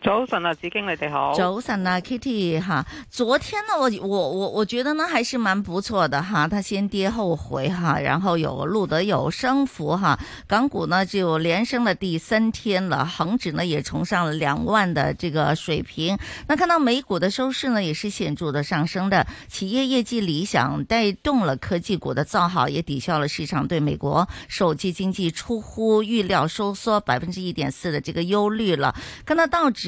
早晨啊，子矜你哋好。早晨啊，Kitty 哈，昨天呢我我我我覺得呢還是蠻不錯的哈，它先跌後回哈，然後有錄得有升幅哈，港股呢就連升了第三天了，恒指呢也重上了兩萬的這個水平。那看到美股的收市呢，也是顯著的上升的，企業業績理想帶動了科技股的造好，也抵消了市場對美國首季經濟出乎預料收縮百分之一點四的這個憂慮了。看到道指。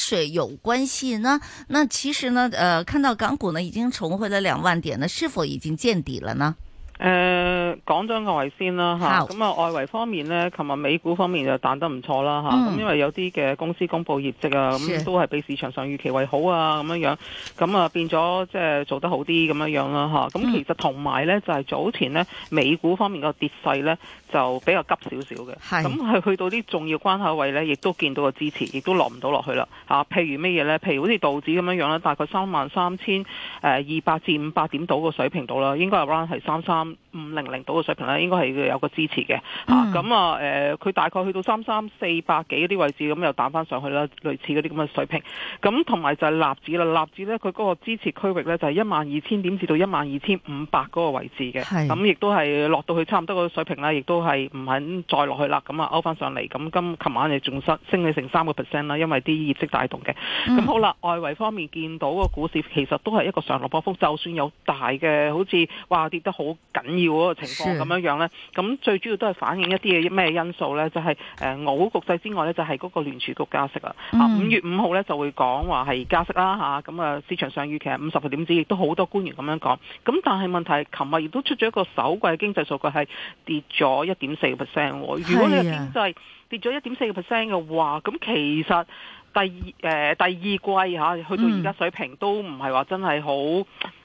水有關係？呢？那其實呢？誒、呃，看到港股呢已經重回咗兩萬點，呢是否已經見底了呢？誒、呃，講張外圍先啦吓，咁好啊、嗯、外圍方面呢，琴日美股方面就彈得唔錯啦吓，咁、嗯啊、因為有啲嘅公司公布業績啊，咁、嗯、是都係比市場上預期為好啊咁樣樣，咁啊變咗即係做得好啲咁樣樣啦吓，咁、啊嗯嗯、其實同埋呢，就係、是、早前呢，美股方面個跌勢呢。就比較急少少嘅，咁係是去到啲重要關口位呢，亦都見到個支持，亦都落唔到落去啦、啊。譬如咩嘢呢？譬如好似道指咁樣啦，大概三萬三千誒二百至五百點到個水平度啦，應該係 range 係三三五零零到嘅水平啦，應該係有個支持嘅。咁、嗯、啊佢、啊呃、大概去到三三四百幾嗰啲位置，咁、嗯、又彈翻上去啦，類似嗰啲咁嘅水平。咁同埋就係納指啦，納指呢，佢嗰個支持區域呢，就係一萬二千點至到一萬二千五百嗰個位置嘅，咁亦是都係落到去差唔多個水平啦，亦都。係唔肯再落去啦，咁啊勾翻上嚟，咁今琴晚你仲升，升咗成三個 percent 啦，因為啲業績帶動嘅。咁、嗯、好啦，外圍方面見到個股市其實都係一個上落波幅，就算有大嘅，好似話跌得好緊要嗰個情況咁樣樣咧，咁是最主要都係反映一啲嘅咩因素咧，就係誒歐局勢之外咧，就係、是、嗰個聯儲局加息、嗯、啊。五月五號咧就會講話係加息啦吓咁啊，、嗯、啊市場上預期五十個點子，亦都好多官員咁樣講。咁但係問題，琴日亦都出咗一個首季經濟數據係跌咗。一點四個 percent，如果你係變就係跌咗一點四個 percent 嘅話，咁其實第二誒、呃、第二季吓、啊、去到而家水平都唔係話真係好，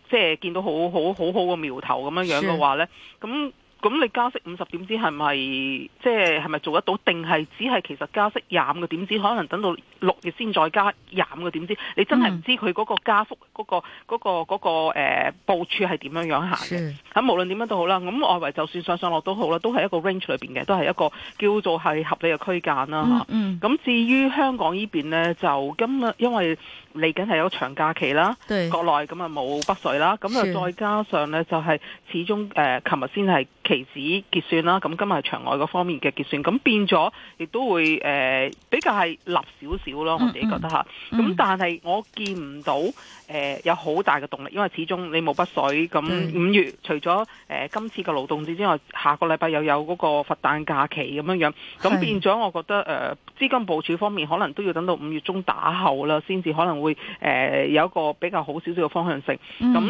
即、就、係、是、見到好好好好好嘅苗頭咁樣樣嘅話咧，咁是。咁你加息五十點子係咪即係係咪做得到？定係只係其實加息廿五個點子，可能等到六月先再加廿五個點子。你真係唔知佢嗰個加幅嗰個嗰個嗰個誒部署係點樣樣行嘅。咁是無論點樣都好啦，咁外圍就算上上落都好啦，都係一個 range 裏邊嘅，都係一個叫做係合理嘅區間啦嚇咁、嗯嗯、至於香港呢邊呢，就今日因為。嚟緊係有長假期啦，對國內咁啊冇北水啦，咁啊再加上咧就係、是、始終誒，琴日先係期指結算啦，咁今日係場外嗰方面嘅結算，咁變咗亦都會誒、呃、比較係立少少咯，嗯、我自己覺得嚇。咁、嗯、但係我見唔到誒、呃、有好大嘅動力，因為始終你冇北水，咁五月、嗯、除咗誒、呃、今次嘅勞動節之外，下個禮拜又有嗰個佛誕假期咁樣樣，咁變咗我覺得誒是、呃、資金部署方面可能都要等到五月中打後啦，先至可能會。會誒、呃、有一個比較好少少嘅方向性，咁、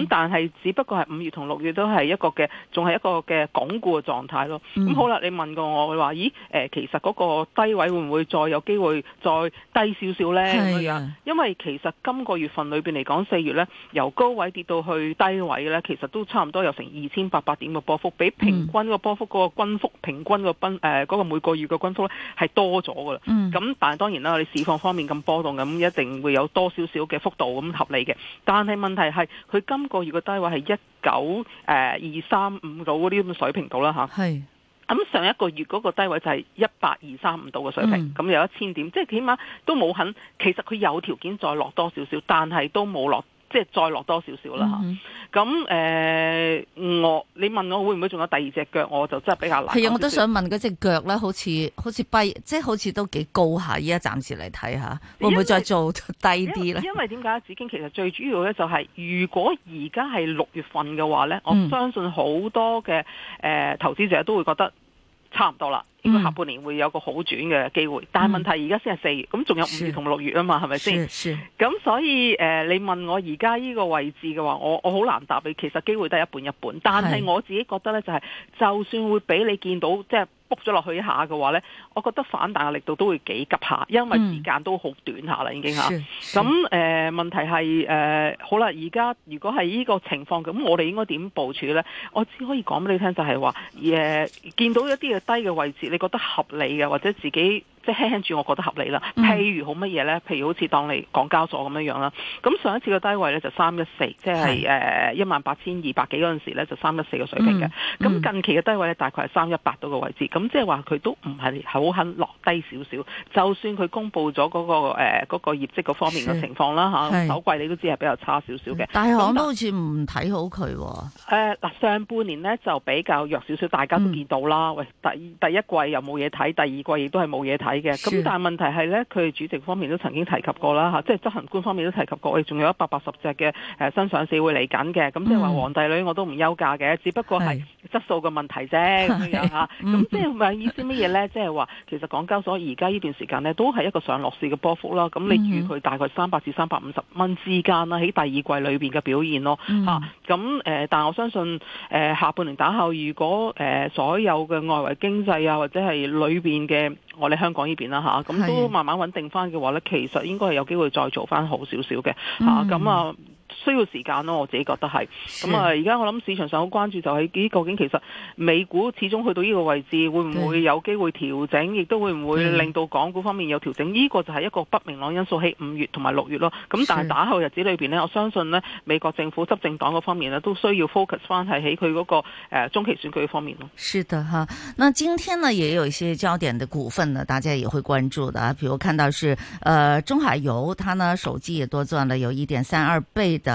嗯、但係只不過係五月同六月都係一個嘅，仲係一個嘅鞏固嘅狀態咯。咁、嗯、好啦，你問過我，你話咦誒、呃，其實嗰個低位會唔會再有機會再低少少呢？啊、因為其實今個月份裏邊嚟講，四月呢由高位跌到去低位呢，其實都差唔多有成二千八百點嘅波幅，比平均個波幅、嗯、個均幅、平均個誒、呃、那個每個月嘅均幅咧係多咗噶啦。咁、嗯、但係當然啦，你市況方面咁波動，咁一定會有多少。少嘅幅度咁合理嘅，但係問題係佢今個月個低位係一九誒二三五度嗰啲咁嘅水平度啦吓，係咁上一個月嗰個低位就係一百二三五度嘅水平，咁有一千點，即係起碼都冇肯。其實佢有條件再落多少少，但係都冇落。即係再落多少少啦嚇，咁誒、mm hmm. 呃、我你問我會唔會仲有第二隻腳，我就真係比較難。係啊，我都想問嗰隻腳咧，好似好似低，即係好似都幾高下。依家暫時嚟睇下會唔會再做低啲咧？因為點解紫荊其實最主要咧就係、是，如果而家係六月份嘅話咧，mm hmm. 我相信好多嘅誒、呃、投資者都會覺得。差唔多啦，應該下半年會有個好轉嘅機會。嗯、但係問題而家先係四月，咁仲有五月同六月啊嘛，係咪先？咁吧所以誒、呃，你問我而家呢個位置嘅話，我我好難答你。其實機會都係一半一半，但係我自己覺得呢，就係、是、就算會俾你見到，即、就、係、是。卜咗落去一下嘅話呢，我覺得反彈嘅力度都會幾急下，因為時間都好短下啦，已經嚇。咁誒、呃、問題係誒、呃、好啦，而家如果係呢個情況嘅，咁我哋應該點部署呢？我只可以講俾你聽，就係話誒見到一啲嘅低嘅位置，你覺得合理嘅，或者自己。即係聽住，輕輕輕輕我覺得合理啦。譬如好乜嘢咧？譬如好似當你港交所咁樣樣啦。咁上一次嘅低位咧就三一四，即係誒一萬八千二百幾嗰陣時咧，就三一四個水平嘅。咁、嗯、近期嘅低位咧，大概係三一八到個位置。咁、嗯、即係話佢都唔係好肯落低少少。就算佢公布咗嗰、嗰個誒嗰、呃嗰個業績嗰方面嘅情況啦嚇，是啊、首季你都知係比較差少少嘅。是以大行都好似唔睇好佢、哦。喎。誒嗱，上半年咧就比較弱少少，大家都見到啦。嗯、喂，第第一季又冇嘢睇，第二季亦都係冇嘢睇。嘅咁，但係問題係咧，佢主席方面都曾經提及過啦，嚇，即係執行官方面都提及過，我哋仲有一百八十隻嘅誒新上市會嚟緊嘅，咁即係話皇帝女我都唔休假嘅，只不過係質素嘅問題啫咁是 樣咁是 即係咪意思乜嘢咧？ 即係話其實港交所而家呢段時間咧，都係一個上落市嘅波幅啦，咁你預佢大概三百至三百五十蚊之間啦，喺第二季裏邊嘅表現咯咁、嗯、但我相信誒下半年打後，如果誒所有嘅外圍經濟啊，或者係裏邊嘅我哋香港，呢邊啦吓，咁都慢慢穩定翻嘅話咧，其實應該係有機會再做翻好少少嘅吓。咁、嗯、啊。嗯需要時間咯，我自己覺得係。咁、嗯、啊，而家是我諗市場上好關注就係、是、究竟其實美股始終去到呢個位置，會唔會有機會調整，亦都對會唔會令到港股方面有調整？呢對個就係一個不明朗因素喺五月同埋六月咯。咁但係打後日子裏邊我相信呢美國政府執政黨嗰方面呢都需要 focus 翻係喺佢、那、嗰個、呃、中期選舉方面咯。是的哈，那今天呢也有一些焦點的股份呢，大家也會關注的、啊，比如看到是，呃、中海油，它呢首季也多賺了有一點三二倍的。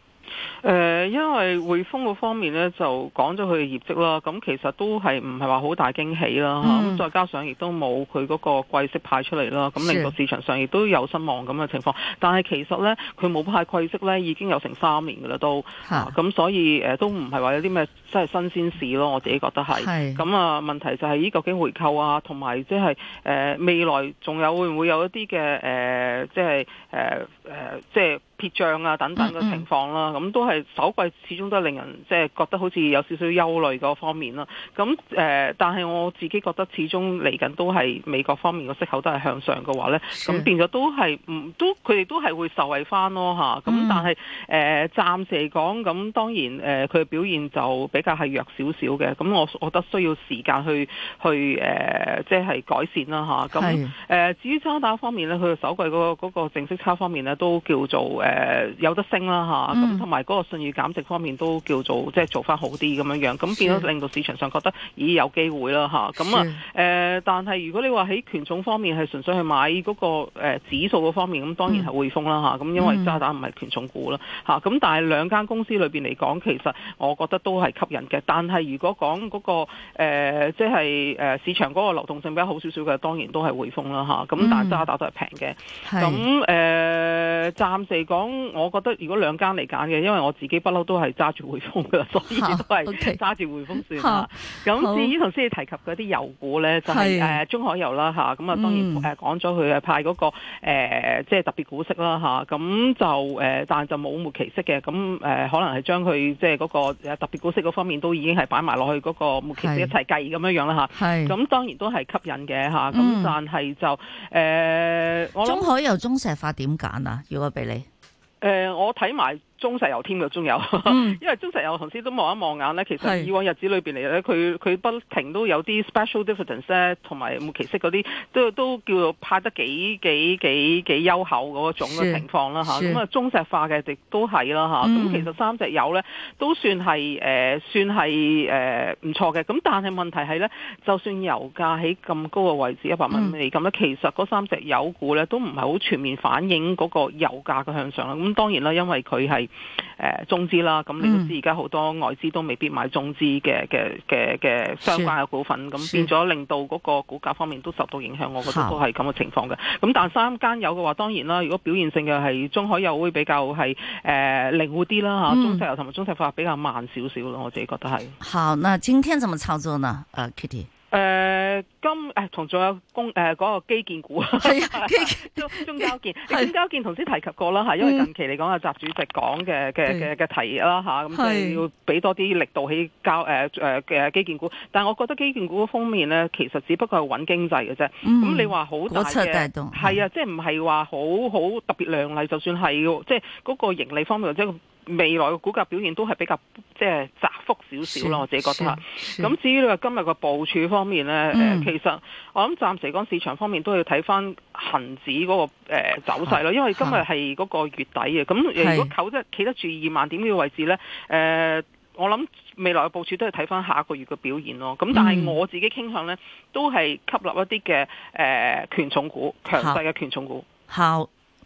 誒、呃，因為匯豐嗰方面咧就講咗佢嘅業績啦，咁其實都係唔係話好大驚喜啦，咁、嗯、再加上亦都冇佢嗰個季息派出嚟啦，咁令到市場上亦都有失望咁嘅情況。但係其實咧，佢冇派季息咧已經有成三年噶啦都，咁、啊啊、所以誒、呃、都唔係話有啲咩真係新鮮事咯，我自己覺得係。係咁是啊，問題就係依究竟回購啊，同埋即係誒未來仲有會唔會有一啲嘅誒，即係誒誒即係。就是呃呃就是跌漲啊等等嘅情況啦，咁、mm hmm。都係首季始終都係令人即係覺得好似有少少憂慮嗰方面啦。咁誒，但係我自己覺得始終嚟緊都係美國方面個息口都係向上嘅話咧，咁變咗都係唔都佢哋都係會受惠翻咯嚇。咁但係誒暫時嚟講，咁當然誒佢嘅表現就比較係弱少少嘅。咁我我覺得需要時間去去誒，即係改善啦嚇。咁誒至於渣打方面咧，佢嘅首季嗰個淨息差方面咧都叫做誒。誒、呃、有得升啦吓。咁同埋嗰個信譽減值方面都叫做即係、就是、做翻好啲咁樣樣咁變咗令到市場上覺得是咦有機會啦吓，咁、呃、啊是但係如果你話喺權重方面係純粹去買嗰、那個、呃、指數嗰方面，咁當然係匯豐啦吓，咁、嗯啊、因為渣打唔係權重股啦吓，咁、啊、但係兩間公司裏邊嚟講，其實我覺得都係吸引嘅。但係如果講嗰、那個即係、呃就是呃、市場嗰個流動性比較好少少嘅，當然都係匯豐啦吓，咁、啊、但係渣打都係平嘅，咁誒暫時講。咁我覺得如果兩間嚟揀嘅，因為我自己不嬲都係揸住匯豐噶啦，所以都係揸住匯豐算啦。咁好至於頭先你提及嗰啲油股咧，就係誒中海油啦吓，咁啊是當然誒講咗佢嘅派嗰個誒即係特別股息啦吓，咁、嗯、就誒但係就冇末期息嘅，咁誒可能係將佢即係嗰個誒特別股息嗰方面都已經係擺埋落去嗰個末期息一齊計咁樣樣啦吓。咁當然都係吸引嘅吓，咁、嗯、但係就誒、嗯、我想中海油中石化點揀啊？如果俾你？誒、呃，我睇埋。中石油添又中油， 因為中石油同時都望一望眼咧，其實以往日子裏面嚟咧，佢佢是不停都有啲 special dividends 咧，同埋冇奇色嗰啲都都叫做派得幾幾幾幾優厚嗰種嘅情況啦吓，咁啊中石化嘅亦都係啦吓，咁其實三隻油咧都算係、呃、算係誒唔錯嘅，咁、呃、但係問題係咧，就算油價喺咁高嘅位置一百蚊美金咧，嗯、其實嗰三隻油股咧都唔係好全面反映嗰個油價嘅向上啦，咁當然啦，因為佢係。誒，嗯、中資啦，咁你都知而家好多外資都未必買中資嘅嘅嘅嘅相關嘅股份，咁是變咗令到嗰個股價方面都受到影響，是我覺得都係咁嘅情況嘅。咁好但係三間有嘅話，當然啦，如果表現性嘅係中海油會比較係誒靈活啲啦吓，中石油同埋中石化比較慢少少咯，我自己覺得係。好，那今天怎麼操作呢？誒，Kitty 誒、呃、今誒同仲有公嗰個、呃、基建股啊， 中中交建，是中交建頭先提及過啦，因為近期嚟講啊，嗯、習主席講嘅嘅嘅嘅提啦，咁就要俾多啲力度去交誒基建股。但係我覺得基建股方面咧，其實只不過係揾經濟嘅啫。咁、嗯、你話好大嘅，係啊，即係唔係話好好特別亮麗，就算係即係嗰個盈利方面或者。未來嘅股價表現都係比較即係窄幅少少咯，我自己覺得。咁至於你話今日嘅部署方面呢，誒、嗯呃、其實我諗暫時講市場方面都要睇翻恒指嗰個、呃、走勢咯，啊、因為今日係嗰個月底嘅。咁、啊、如果求得企是得住二萬點呢個位置呢，誒、呃、我諗未來嘅部署都係睇翻下個月嘅表現咯。咁、嗯、但係我自己傾向呢，都係吸納一啲嘅誒權重股，啊、強勢嘅權重股。啊。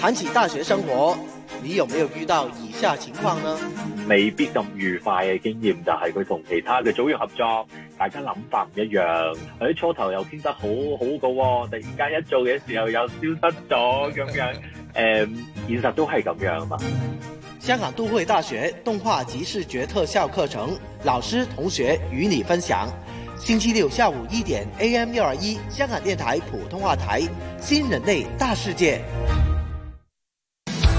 談起大學生活，你有沒有遇到以下情況呢？未必咁愉快嘅經驗就係佢同其他嘅組員合作，大家諗法唔一樣，喺初頭又傾得很好好嘅，突然間一做嘅時候又消失咗，咁樣誒，嗯、現實都係咁樣嘛。香港都會大學動畫及視覺特效課程老師同學與你分享，星期六下午一點 A.M. 六二一，香港電台普通話台《新人類大世界》。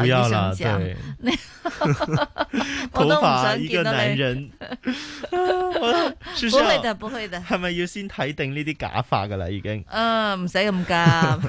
不要了，想想對，哈一個男人， 不會的，不會的，係咪要先睇定呢啲假髮噶啦，已經，嗯，唔使咁急。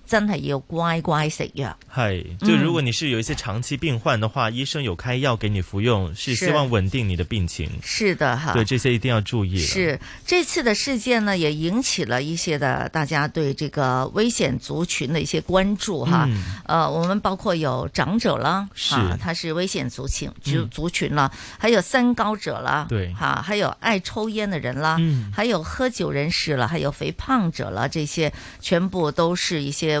真也有乖乖食呀。係就如果你是有一些長期病患的話，嗯、醫生有開藥給你服用，是希望穩定你的病情。是，是的哈，對這些一定要注意。是這次的事件呢，也引起了一些的大家對這個危險族群的一些關注哈。嗯、呃，我們包括有長者啦，是他是危險族群族族群啦，嗯、還有三高者啦，對，哈，還有愛抽煙的人啦，嗯、還有喝酒人士了，還有肥胖者了，這些全部都是一些。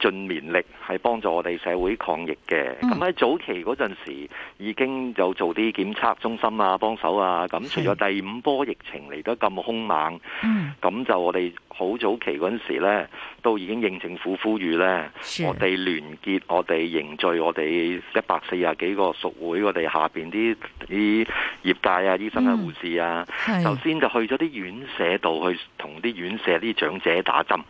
盡綿力係幫助我哋社會抗疫嘅。咁喺早期嗰陣時已經有做啲檢測中心啊，幫手啊。咁除咗第五波疫情嚟得咁兇猛，咁、嗯、就我哋好早期嗰陣時呢，都已經應政府呼籲呢：是我們「我哋連結我哋凝聚我哋一百四十幾個屬會，我哋下邊啲啲業界啊、醫生啊、嗯、護士啊，首先是就去咗啲院舍度去同啲院舍啲長者打針。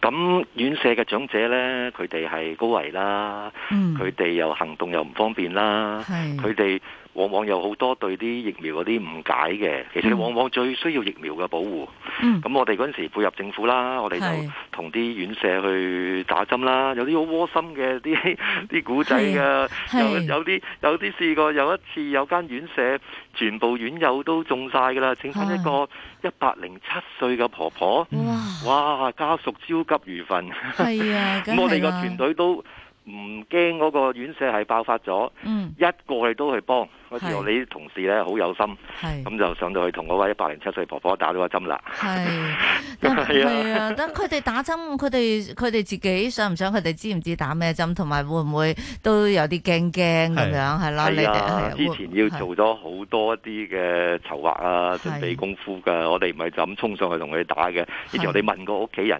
咁院舍嘅長者咧，佢哋係高危啦，佢哋、嗯、又行動又唔方便啦，佢哋係。往往有好多對啲疫苗嗰啲誤解嘅，其實往往最需要疫苗嘅保護。咁、嗯、我哋嗰陣時配合政府啦，我哋就同啲院舍去打針啦。有啲好窩心嘅啲啲古仔嘅。有有啲有啲試過，有一次有間院舍，全部院友都中晒㗎啦，剩翻一個一百零七歲嘅婆婆，哇！哇家屬焦急如焚，係啊，啊嗯、我哋個團隊都。唔驚嗰個院舍係爆發咗，一過嚟都去幫。我哋你啲同事咧好有心，咁就上到去同嗰位一百零七歲婆婆打咗個針啦。係係啊，等佢哋打針，佢哋佢哋自己想唔想，佢哋知唔知打咩針，同埋會唔會都有啲驚驚咁樣係咯？你哋係之前要做咗好多啲嘅籌劃啊，準備功夫㗎。我哋唔係就咁衝上去同佢打嘅，而且你哋問過屋企人。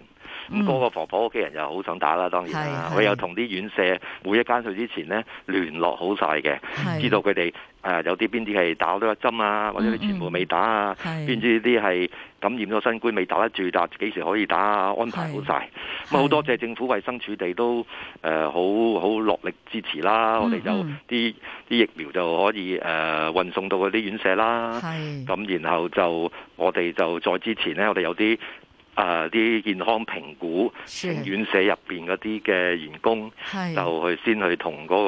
咁多、嗯、個婆婆屋企人又好想打啦，當然啦、啊。我有同啲院舍每一間去之前咧聯絡好晒嘅，是知道佢哋、呃、有啲邊啲係打咗一針啊，或者你全部未打啊，邊啲啲係感染咗新冠未打得住，但幾時可以打啊？安排好晒。咁好、嗯、多謝政府衛生處地都好好落力支持啦。嗯、我哋就啲啲、嗯、疫苗就可以誒、呃、運送到佢啲院舍啦。咁是然後就我哋就再之前咧，我哋有啲。啊！啲健康評估，院是社入邊嗰啲嘅員工，是就去先去同嗰、嗰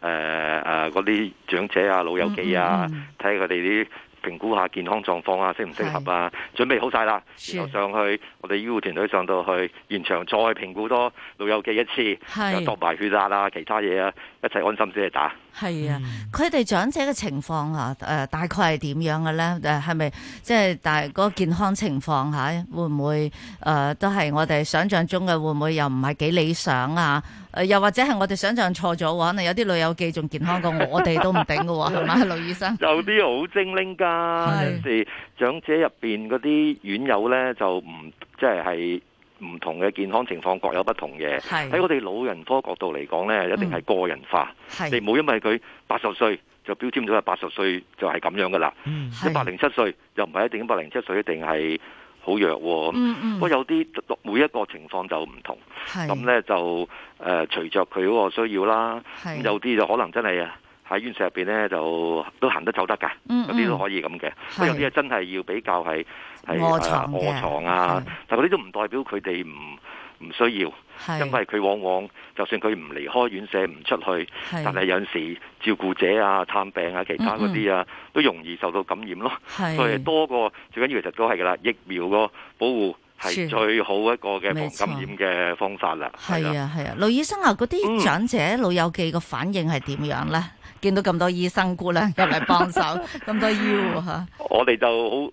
個誒誒嗰啲長者啊、老友記啊，睇佢哋啲評估下健康狀況啊，適唔適合啊，是準備好晒啦，是然後上去我哋醫護團隊上到去現場再評估多老友記一次，是又度埋血壓啊，其他嘢啊。一齊安心先嚟打。係啊，佢哋長者嘅情況啊，誒、呃、大概係點樣嘅咧？誒係咪即係大、嗰個健康情況嚇？會唔會誒、呃、都係我哋想象中嘅？會唔會又唔係幾理想啊？誒、呃、又或者係我哋想象錯咗？可能有啲女友記仲健康過我哋都唔頂嘅喎，係咪啊，勞醫生？有啲好精靈㗎，有時長者入邊嗰啲院友咧就唔即係係。就係係唔同嘅健康情況各有不同嘅，喺是我哋老人科角度嚟講呢一定係個人化。嗯、你唔好因為佢八十歲就標籤咗，八十歲就係咁樣噶啦。一百零七歲，又唔係一定一百零七歲一定係好弱。不過、嗯嗯、有啲每一個情況就唔同，咁呢是就誒隨着佢嗰個需要啦。是有啲就可能真係。喺院舍入邊咧，就都行得走得噶，有啲都可以咁嘅。有啲嘢真係要比較係係卧牀嘅卧牀啊，但係啲都唔代表佢哋唔唔需要，因為佢往往就算佢唔離開院舍唔出去，但係有時照顧者啊、探病啊、其他嗰啲啊，都容易受到感染咯。係多過最緊要，其實都係噶啦，疫苗個保護係最好一個嘅防感染嘅方法啦。係啊係啊，勞醫生啊，嗰啲長者老友記個反應係點樣咧？見到咁多醫生姑娘入嚟，幫手，咁 多醫護吓。我哋就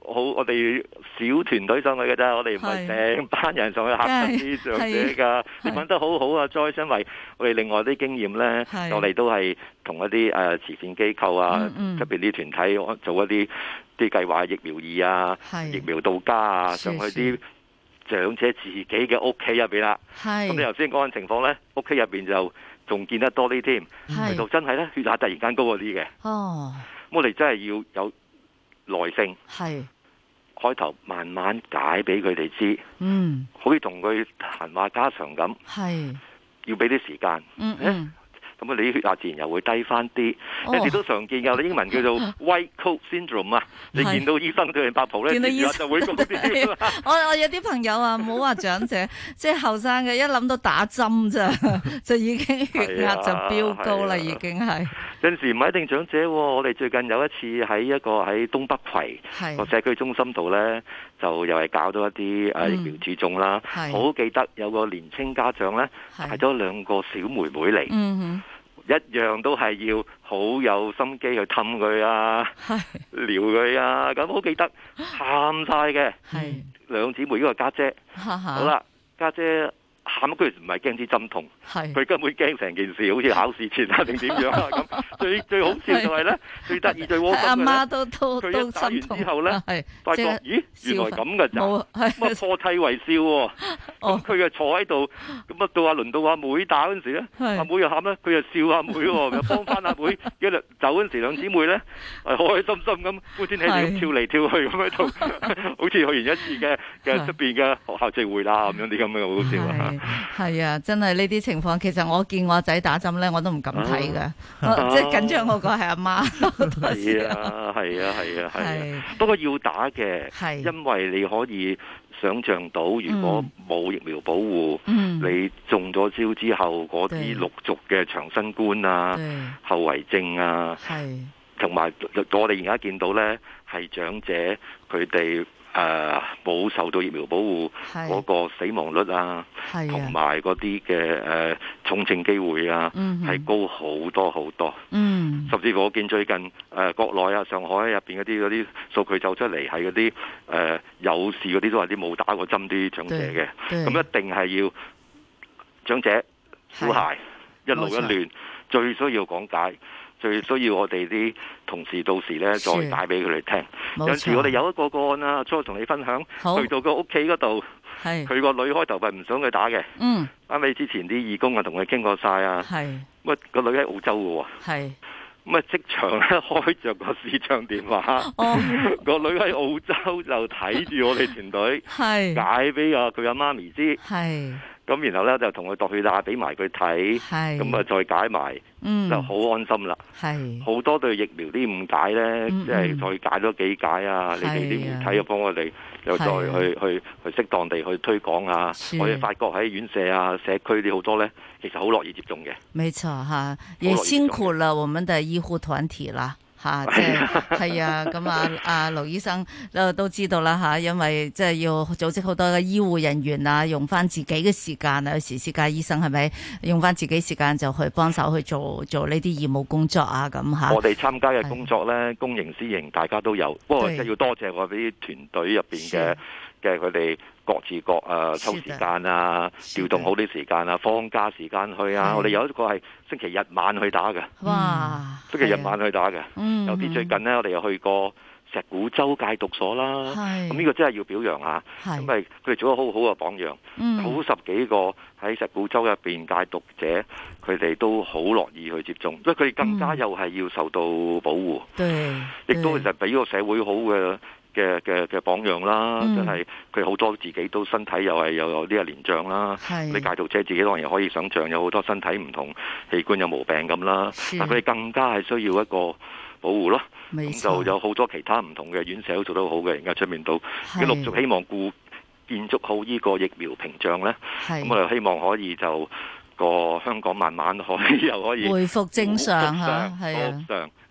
好好，我哋小團隊上去嘅啫，我哋唔係成班人上去吓啲是長者噶。你問得很好好是啊，再因為我哋另外啲經驗咧，是我哋都係同一啲誒慈善機構啊，特別啲團體做一啲啲計劃，疫苗易啊，疫苗到家啊，是啊，上去啲長者自己嘅屋企入邊啦。咁是你頭先講緊情況咧，屋企入邊就。仲見得多啲添，到是真係咧血壓突然間高嗰啲嘅。哦，咁我哋真係要有耐性，係是開頭慢慢解俾佢哋知。嗯，好似同佢閒話家常咁，是要俾啲時間。嗯嗯。欸咁你血壓自然又會低翻啲，有時都常見㗎。英文叫做 White Coat Syndrome 啊，你見到醫生對你打抱咧，自然就會高啲。我我有啲朋友啊，唔好話長者，即係後生嘅，一諗到打針咋，就已經血壓就飆高啦，已經係有時唔係一定長者。我哋最近有一次喺一個喺東北葵個社區中心度咧，就又係搞咗一啲疫苗接種啦。好記得有個年青家長咧，帶咗兩個小妹妹嚟。一樣都係要好有心機去氹佢啊，撩佢是啊，咁好記得喊晒嘅，兩姊是、嗯、妹一個家姐，姐，哈哈好啦，家姐，姐。喊佢唔係驚啲針痛，佢根本驚成件事，好似考試前啊定點樣啊咁。最最好笑就係咧，最得意最窩心咧，佢一打完之後咧，發覺咦原來咁嘅就咁啊破涕為笑喎。咁佢就坐喺度，咁啊到阿輪到阿妹打嗰陣時咧，阿妹又喊啦，佢又笑阿妹喎，又幫翻阿妹一路走嗰陣時，兩姊妹咧係開開心心咁，歡天喜地咁跳嚟跳去咁喺度，好似去完一次嘅嘅出邊嘅學校聚會啦咁樣啲咁嘅好笑啊～係 啊，真係呢啲情況，其實我見我仔打針呢，我都唔敢睇噶，即係緊張嗰個係阿媽。係啊，係啊，係啊，係啊。不過、啊啊、要打嘅，是因為你可以想象到，如果冇疫苗保護，嗯、你中咗招之後嗰啲陸續嘅長新冠啊、對後遺症啊，同埋對我哋而家見到呢，係長者佢哋。他們誒冇、呃、受到疫苗保護，嗰是個死亡率啊，同埋嗰啲嘅重症機會啊，係、嗯、哼高好多好多。嗯，甚至我見最近誒、呃、國內啊，上海入面嗰啲嗰啲數據走出嚟係嗰啲誒有事嗰啲都係啲冇打過針啲長者嘅，咁一定係要長者消鞋，啊、一路一亂，錯最需要講解。最需要我哋啲同事到時咧再打俾佢哋聽。有時我哋有一個個案啦，初同你分享去到個屋企嗰度，佢個女開頭係唔想佢打嘅。嗯，啱啱之前啲義工啊同佢傾過晒啊。係，乜個女喺澳洲嘅喎？係，咁啊即場開着個視像電話。哦，個女喺澳洲就睇住我哋團隊，係解俾啊佢阿媽咪知。係。咁然後咧就同佢度血啦，俾埋佢睇，咁啊再解埋，就好安心啦。係好多對疫苗啲誤解咧，即係再解咗幾解啊！你哋啲媒體又幫我哋又再去去去適當地去推廣呀。我哋發覺喺院舍啊、社區啲好多咧，其實好樂意接種嘅。沒錯嚇，也辛苦了我們的醫護團體啦。吓，係 啊，咁、即係、 啊，阿、嗯、勞、啊、醫生都知道啦吓，因為即係要組織好多嘅醫護人員啊，用翻自己嘅時間啊，有時私家醫生係咪用翻自己時間就去幫手去做做呢啲義務工作啊，咁吓。我哋參加嘅工作咧，啊、公營私營大家都有，不過真係要多謝，謝我哋啲團隊入邊嘅。即係佢哋各自各啊，抽時間啊，調動好啲時間啊，放假時間去啊。我哋有一個係星期日晚去打嘅，哇！星期日晚去打嘅，尤其最近咧，我哋又去過石鼓洲戒毒所啦。咁呢個真係要表揚下，因為佢哋做咗好好嘅榜樣，好十幾個喺石鼓洲入邊戒毒者，佢哋都好樂意去接種，所以佢哋更加又係要受到保護，亦都其實俾個社會好嘅。嘅嘅嘅榜樣啦，就係佢好多自己都身體又係有呢一連仗啦。是你駕駛車自己當然可以想像，有好多身體唔同器官有毛病咁啦。是但佢哋更加係需要一個保護咯。咁錯就有好多其他唔同嘅院舍都做得好嘅，而家出面到要是陸續希望固建築好呢個疫苗屏障咧。咁是我哋希望可以就個香港慢慢可以又可以回復正常嚇。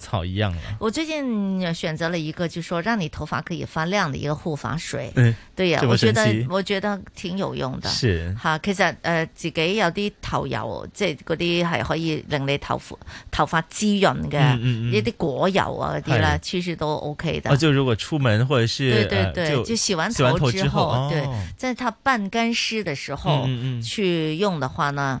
草一樣了。我最近選擇了一個，就是說讓你頭髮可以發亮的一個護髮水。嗯，對呀，我覺得我覺得挺有用的。是哈，其實呃，自己有啲頭油，即係嗰啲係可以令你頭髮頭髮滋潤嘅，一啲果油啊嗰啲啦，其實都 OK 的。就如果出門或者是對對對，就洗完頭之後，對，在它半乾濕的時候去用的話呢，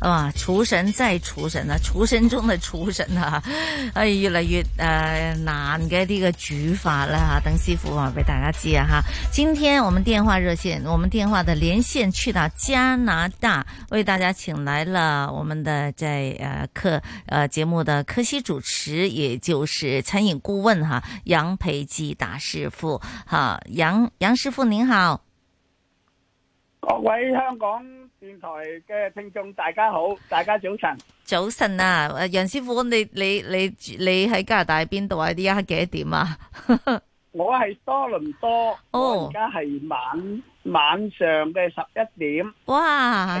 啊！廚神再廚神啊！廚神中的廚神啊！哎，越來越呃，難嘅呢個煮法啦吓、啊，等師傅啊為大家解哈、啊。今天我們電話熱線，我們電話的連線去到加拿大，為大家請來了我們的在呃客呃節目的客席主持，也就是餐飲顧問哈、啊、楊培基大師傅哈、啊、楊楊師傅您好。各位香港電台嘅聽眾，大家好，大家早晨。早晨啊，楊師傅你你你你喺加拿大邊度啊？呢一刻幾多點啊？ 我係多倫多，我而家係晚、哦、晚上嘅十一點。哇！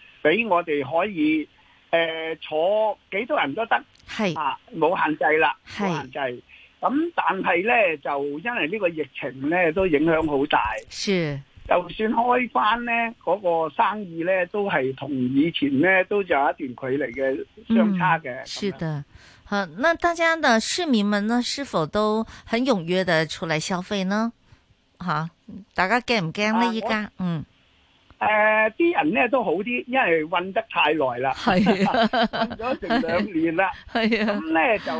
俾我哋可以，誒、呃、坐幾多人都得，係是啊冇限制啦，冇是限制。咁、嗯、但係咧，就因為呢個疫情咧，都影響好大。是，就算開返咧，嗰、那個生意咧，都係同以前咧，都有一段距離嘅相差嘅。嗯、樣是的，吓，那大家的市民們呢，是否都很踴躍的出來消費呢？吓，大家驚唔驚呢？依家、啊，嗯。誒，啲、呃、人咧都好啲，因為混得太耐啦，係咗、啊、 成兩年啦。係咁咧就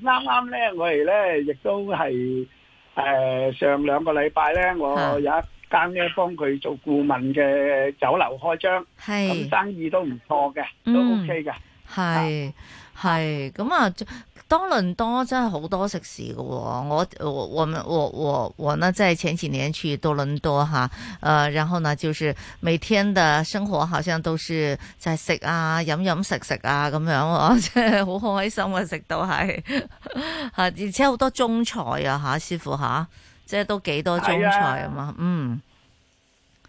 啱啱咧，我哋咧亦都係誒、呃、上兩個禮拜咧，我有一間咧幫佢做顧問嘅酒樓開張，係咁是生意都唔錯嘅，嗯、都 OK 嘅，係係咁啊！多倫多真係好多食肆嘅、哦，我我我我我我呢，在前幾年去多倫多哈，呃、啊，然後呢，就是每天的生活好像都是在食啊，飲飲食食啊咁樣，即係好開心啊，食到係，吓， 而且好多中菜啊，吓師傅吓，即、啊、係都幾多中菜啊嘛，哎、呀嗯。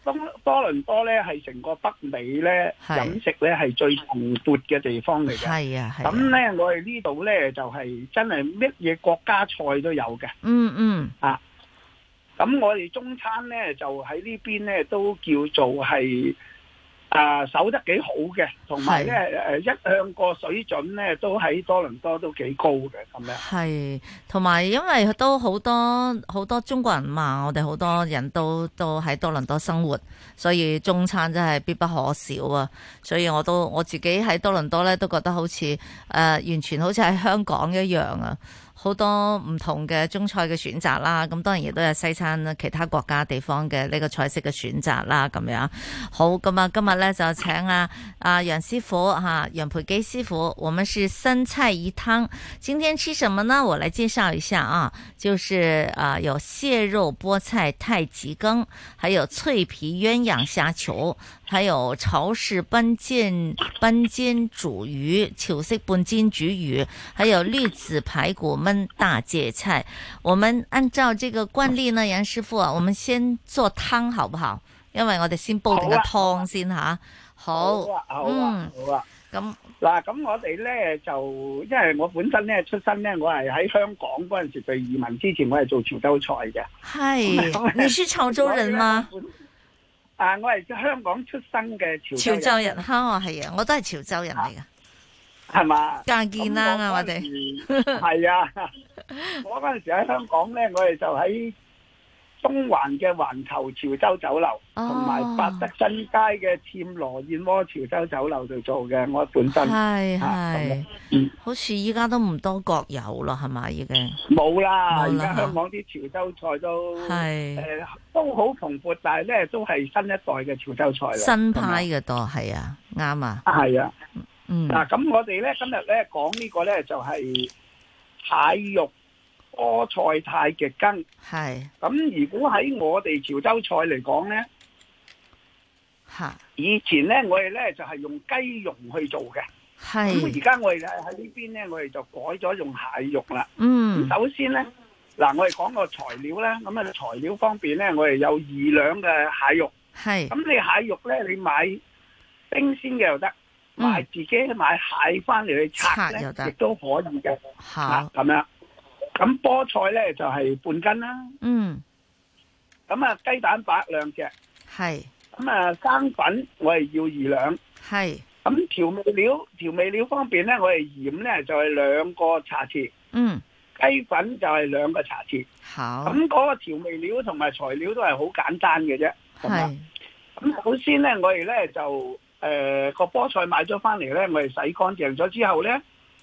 多多倫多咧，係成個北美咧、啊、飲食咧，係最蓬勃嘅地方嚟嘅。係啊，咁咧、啊、我哋呢度咧就係、是、真係乜嘢國家菜都有嘅。嗯嗯，啊，咁我哋中餐咧就喺呢邊咧都叫做係。啊，守得幾好嘅，同埋咧一向個水準咧都喺多倫多都幾高嘅咁樣。係，同埋因為都好多好多中國人嘛，我哋好多人都都喺多倫多生活，所以中餐真係必不可少啊！所以我都我自己喺多倫多咧，都覺得好似誒、呃，完全好似喺香港一樣啊！好多唔同嘅中菜嘅選擇啦，咁當然亦都有西餐啦，其他國家地方嘅呢個菜式嘅選擇啦，咁樣好咁啊，今日咧就請啊啊楊師傅哈，楊培基師傅，我們是三菜一湯，今天吃什麼呢？我來介紹一下啊，就是啊有蟹肉菠菜太極羹，還有脆皮鴛鴦蝦球。還有潮式半煎半煎煮魚，潮式半煎煮魚，還有栗子排骨炆大芥菜。我們按照這個慣例呢，楊師傅啊，我們先做湯好不好？因為我哋先煲定個湯先吓。好、啊，好啊，好啊，咁嗱、啊，咁我哋咧就，因為我本身咧出身咧，我係喺香港嗰陣時，就移民之前，我係做潮州菜嘅。係唉，嗯、你是潮州人嗎？ 啊！我係香港出生嘅潮州人，潮州人哈，係啊，啊，我都係潮州人嚟噶，係嘛，啊，間見啦，啊、我哋們係 啊，我嗰陣時喺香港咧，我哋就喺，東環嘅環球潮州酒樓，同埋百德新街嘅暹羅燕窩潮州酒樓度做嘅，我本身係係，係係啊係係嗯、好似依家都唔多國有咯，係咪？已經冇啦，而家香港啲潮州菜都係誒、呃、都好蓬勃，但係咧都係新一代嘅潮州菜啦，新派嘅多係啊，啱啊，係啊，嗱咁、啊嗯啊、我哋咧今日咧講呢個呢個咧就係、係、蟹肉。菠菜太極羹係咁，是如果喺我哋潮州菜嚟講咧，吓哈以前咧我哋咧就係用雞蓉去做嘅，係咁而家我哋喺呢邊咧我哋就改咗用蟹肉、嗯、啦。嗯，首先咧嗱，我哋講個材料啦，咁啊材料方面咧我哋有二兩嘅蟹肉，係咁是你蟹肉咧你買冰鮮嘅又得，嗯、買自己買蟹翻嚟去拆咧亦都可以嘅，吓咁好、啊、樣。咁菠菜呢就係、是、半斤啦，嗯，咁啊雞蛋白兩隻，係是，咁啊生粉我係要二兩，係是，咁調味料調味料方面呢我係鹽呢就係、是、兩個茶匙，嗯，雞粉就係兩個茶匙，好，咁嗰、那個調味料同埋材料都係好簡單嘅啫，係是，咁首先呢，我哋呢就誒個、呃、菠菜買咗返嚟呢，我哋洗乾淨咗之後呢，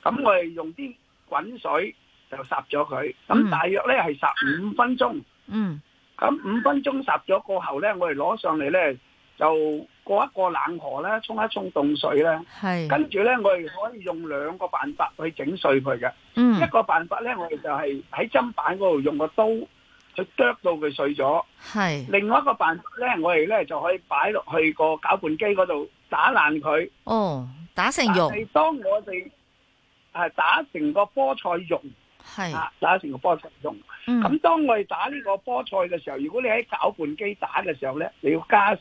咁我哋用啲滾水。就烚咗佢，咁大約咧係十五分鐘。嗯，咁五分鐘烚咗過後咧，我哋攞上嚟咧就過一個冷河咧，沖一沖凍水咧。係，跟住咧我哋可以用兩個辦法去整碎佢嘅。嗯，一個辦法咧，我哋就係喺砧板嗰度用個刀去剁到佢碎咗。係，另外一個辦法咧，我哋咧就可以擺落去個攪拌機嗰度打爛佢。哦，打成肉。係當我哋係打成個菠菜肉。係是啊，打成個菠菜蓉。咁、嗯、當我哋打呢個菠菜嘅時候，如果你喺攪拌機打嘅時候咧，你要加少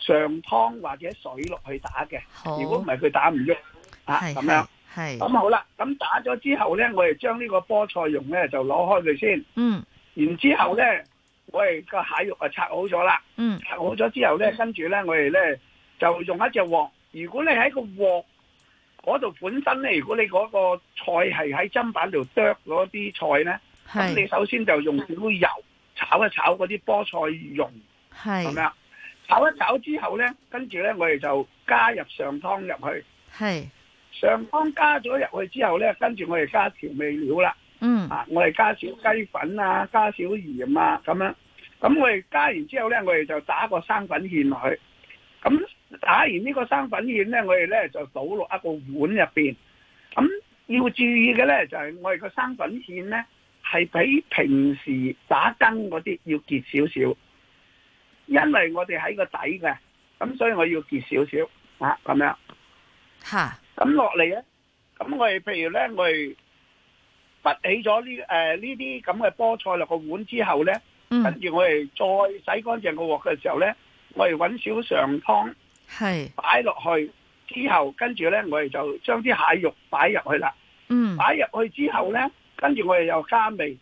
上湯或者水落去打嘅。如果唔係，佢打唔喐啊咁是樣。係咁、啊、好啦，咁打咗之後咧，我哋將呢個菠菜蓉咧就攞開佢先。嗯。然後呢嗯之後咧，我哋個蟹肉啊拆好咗啦。嗯。拆好咗之後咧，跟住咧我哋咧就用一隻鑊。如果你喺個鑊。嗰度本身咧，如果你嗰個菜係喺砧板度剁嗰啲菜咧，咁是你首先就用少少油炒一炒嗰啲菠菜蓉，係咪是炒一炒之後咧，跟住咧我哋就加入上湯入去，係是上湯加咗入去之後咧，跟住我哋加調味料啦，嗯啊，我哋加少雞粉啊，加少鹽啊，咁樣，咁我哋加完之後咧，我哋就打個生粉芡落去，咁。打完呢個生粉芡咧，我哋咧就倒落一個碗入邊。咁要注意嘅咧就係、是、我哋個生粉芡咧係比平時打羹嗰啲要結少少，因為我哋喺個底嘅，咁所以我要結少少啊，咁樣。吓哈，咁落嚟咧，咁我哋譬如咧，我哋拔起咗呢誒呢啲咁嘅菠菜落個碗之後咧，跟住、嗯、我哋再洗乾淨個鑊嘅時候咧，我哋搵少少上湯。係擺落去之後，跟住呢，我哋就將啲蟹肉擺入去啦。嗯，擺入去之後呢，跟住我哋又加味，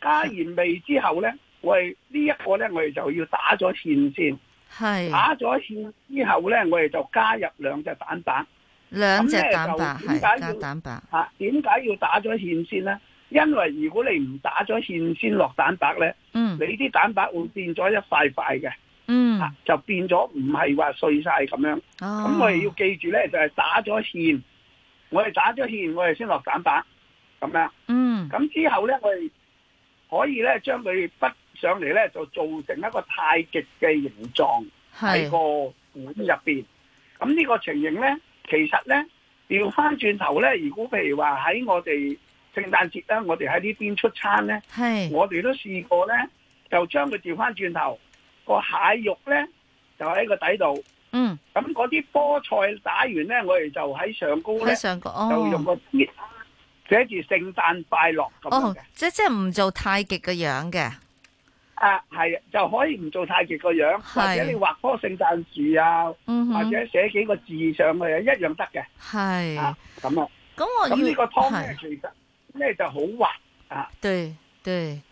加完味之後呢，我哋呢一個呢，我哋就要打咗芡先。係是打咗芡之後呢，我哋就加入兩隻蛋，蛋，蛋白，兩隻蛋白係兩隻蛋白吓。點解、啊、要打咗芡先呢？因為如果你唔打咗芡先落蛋白呢，嗯、你啲蛋白會變咗一塊塊嘅。嗯，就變咗唔係話碎晒咁樣，咁、啊、我哋要記住咧，就係、是、打咗芡。我哋打咗芡，我哋先落蛋白咁樣。嗯，咁之後咧，我哋可以咧將佢筆上嚟咧，就做成一個太極嘅形狀喺是個碗入邊。咁呢個情形咧，其實咧調翻轉頭咧，如果譬如話喺我哋聖誕節咧，我哋喺呢邊出餐咧，是我哋都試過咧，就將佢調翻轉頭。個蟹肉咧就喺個底度，嗯，咁嗰啲菠菜打完咧，我哋就喺上高咧，上高哦、就用個字寫住聖誕快樂咁嘅，即即係唔做太極嘅樣嘅，誒係、啊，就可以唔做太極個樣，是或者你畫棵聖誕樹啊，嗯、哼或者寫幾個字上去一樣得嘅，係是啊咁咯，咁我咁呢、啊這個湯咧其實咧就好滑的啊，對對。對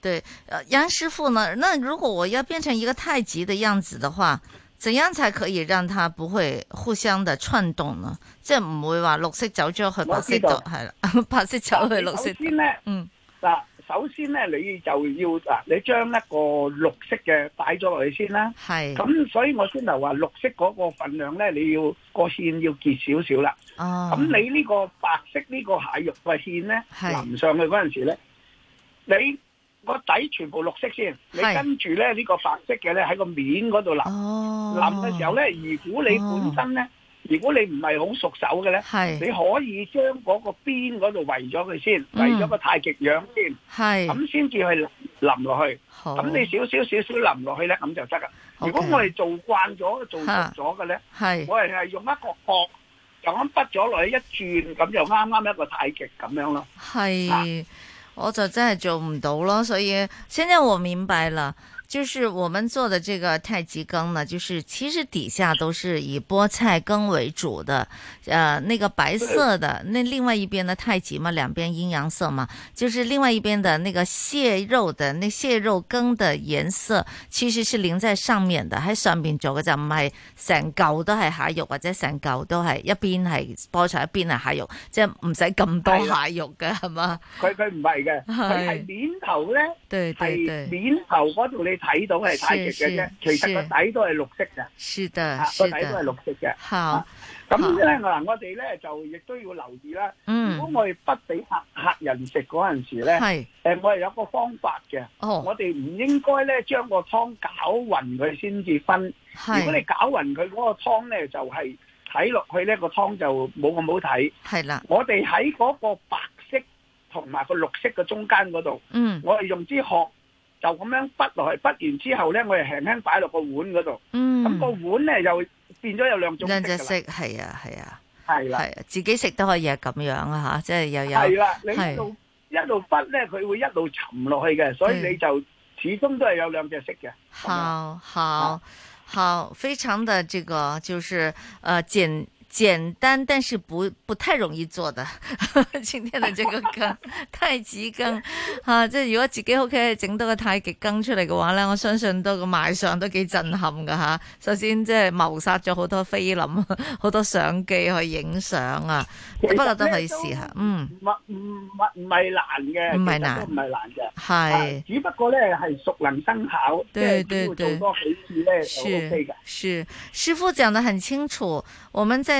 對，楊師傅呢？那如果我要變成一個太極的樣子的話，怎樣才可以讓它不會互相的串動呢？即係唔會話綠色走咗去白色度，係啦，白色走去綠色。首先呢，嗯，嗱，首先呢，你就要嗱，你將一個綠色嘅擺咗落去先啦。係是。咁所以我先頭話綠色嗰個份量呢，你要個線要結少少啦。咁、啊、你呢個白色呢個蟹肉嘅線咧，淋是上去嗰陣時呢你。個底全部綠色先，你跟住咧呢個白色嘅咧喺個面嗰度淋，淋嘅時候咧，如果你本身咧，如果你唔係好熟手嘅咧，你可以將嗰個邊嗰度圍咗佢先，圍咗個太極樣先，咁先至去淋落去。咁你少少少少淋落去咧，咁就得啦。如果我哋做慣咗，做熟咗嘅咧，我哋係用一個角，就咁筆咗落去一轉，咁就啱啱一個太極咁樣咯。係。我就真係做唔到咯，所以現在我明白啦。就是我們做的這個太極羹呢，就是其實底下都是以菠菜羹為主的，呃，那個白色的，那另外一邊的太極嘛，兩邊陰陽色嘛，就是另外一邊的那個蟹肉的，那蟹肉羹的顏色其實是淋在上面的，喺上面做嘅就唔係成嚿都係蟹肉，或者成嚿都係一邊係菠菜一邊係蟹肉，即係唔使咁多蟹肉嘅係嘛？佢佢唔係嘅，佢係面頭咧，對對對，面頭度你。睇到係太極嘅啫，其實個底都係綠色嘅。係嘅，個底都係綠色嘅。好，咁咧嗱，我哋咧就亦都要留意啦。嗯，如果我哋不俾客客人食嗰陣時咧，係，誒，我哋有個方法嘅。哦，我哋唔應該咧將個湯攪勻佢先至分。係，如果你攪勻佢嗰個湯咧，就係睇落去咧個湯就冇咁好睇。係啦，我哋喺嗰個白色同埋個綠色嘅中間嗰度，嗯，我哋用支殼。就咁樣潷落去，潷完之後咧，我哋輕輕擺落、嗯、個碗嗰度。嗯，咁個碗咧又變咗有兩隻色，色。兩隻色係啊，係啊，係啦，自己食都可以係咁樣啊嚇，即、就、係、是、又有。係啦、啊，你一路一路潷咧，佢、啊、會一路沉落去嘅，所以你就始終都係有兩隻色嘅對。好好、啊、好，非常的這個就是呃，剪。簡單，但是不不太容易做的。 今天的這個根太子羹，吓，即係如果自己屋企整到個太極羹出嚟嘅話咧，我相信都個賣相都幾震撼嘅吓。首先即係謀殺咗好多菲林，好多相機去影相啊。不過都可以試下，不嗯，唔唔係難嘅，唔係難，唔係難嘅。係是是，只不過咧係熟能生巧，對對只多咧是，師傅講得很清楚，我們在。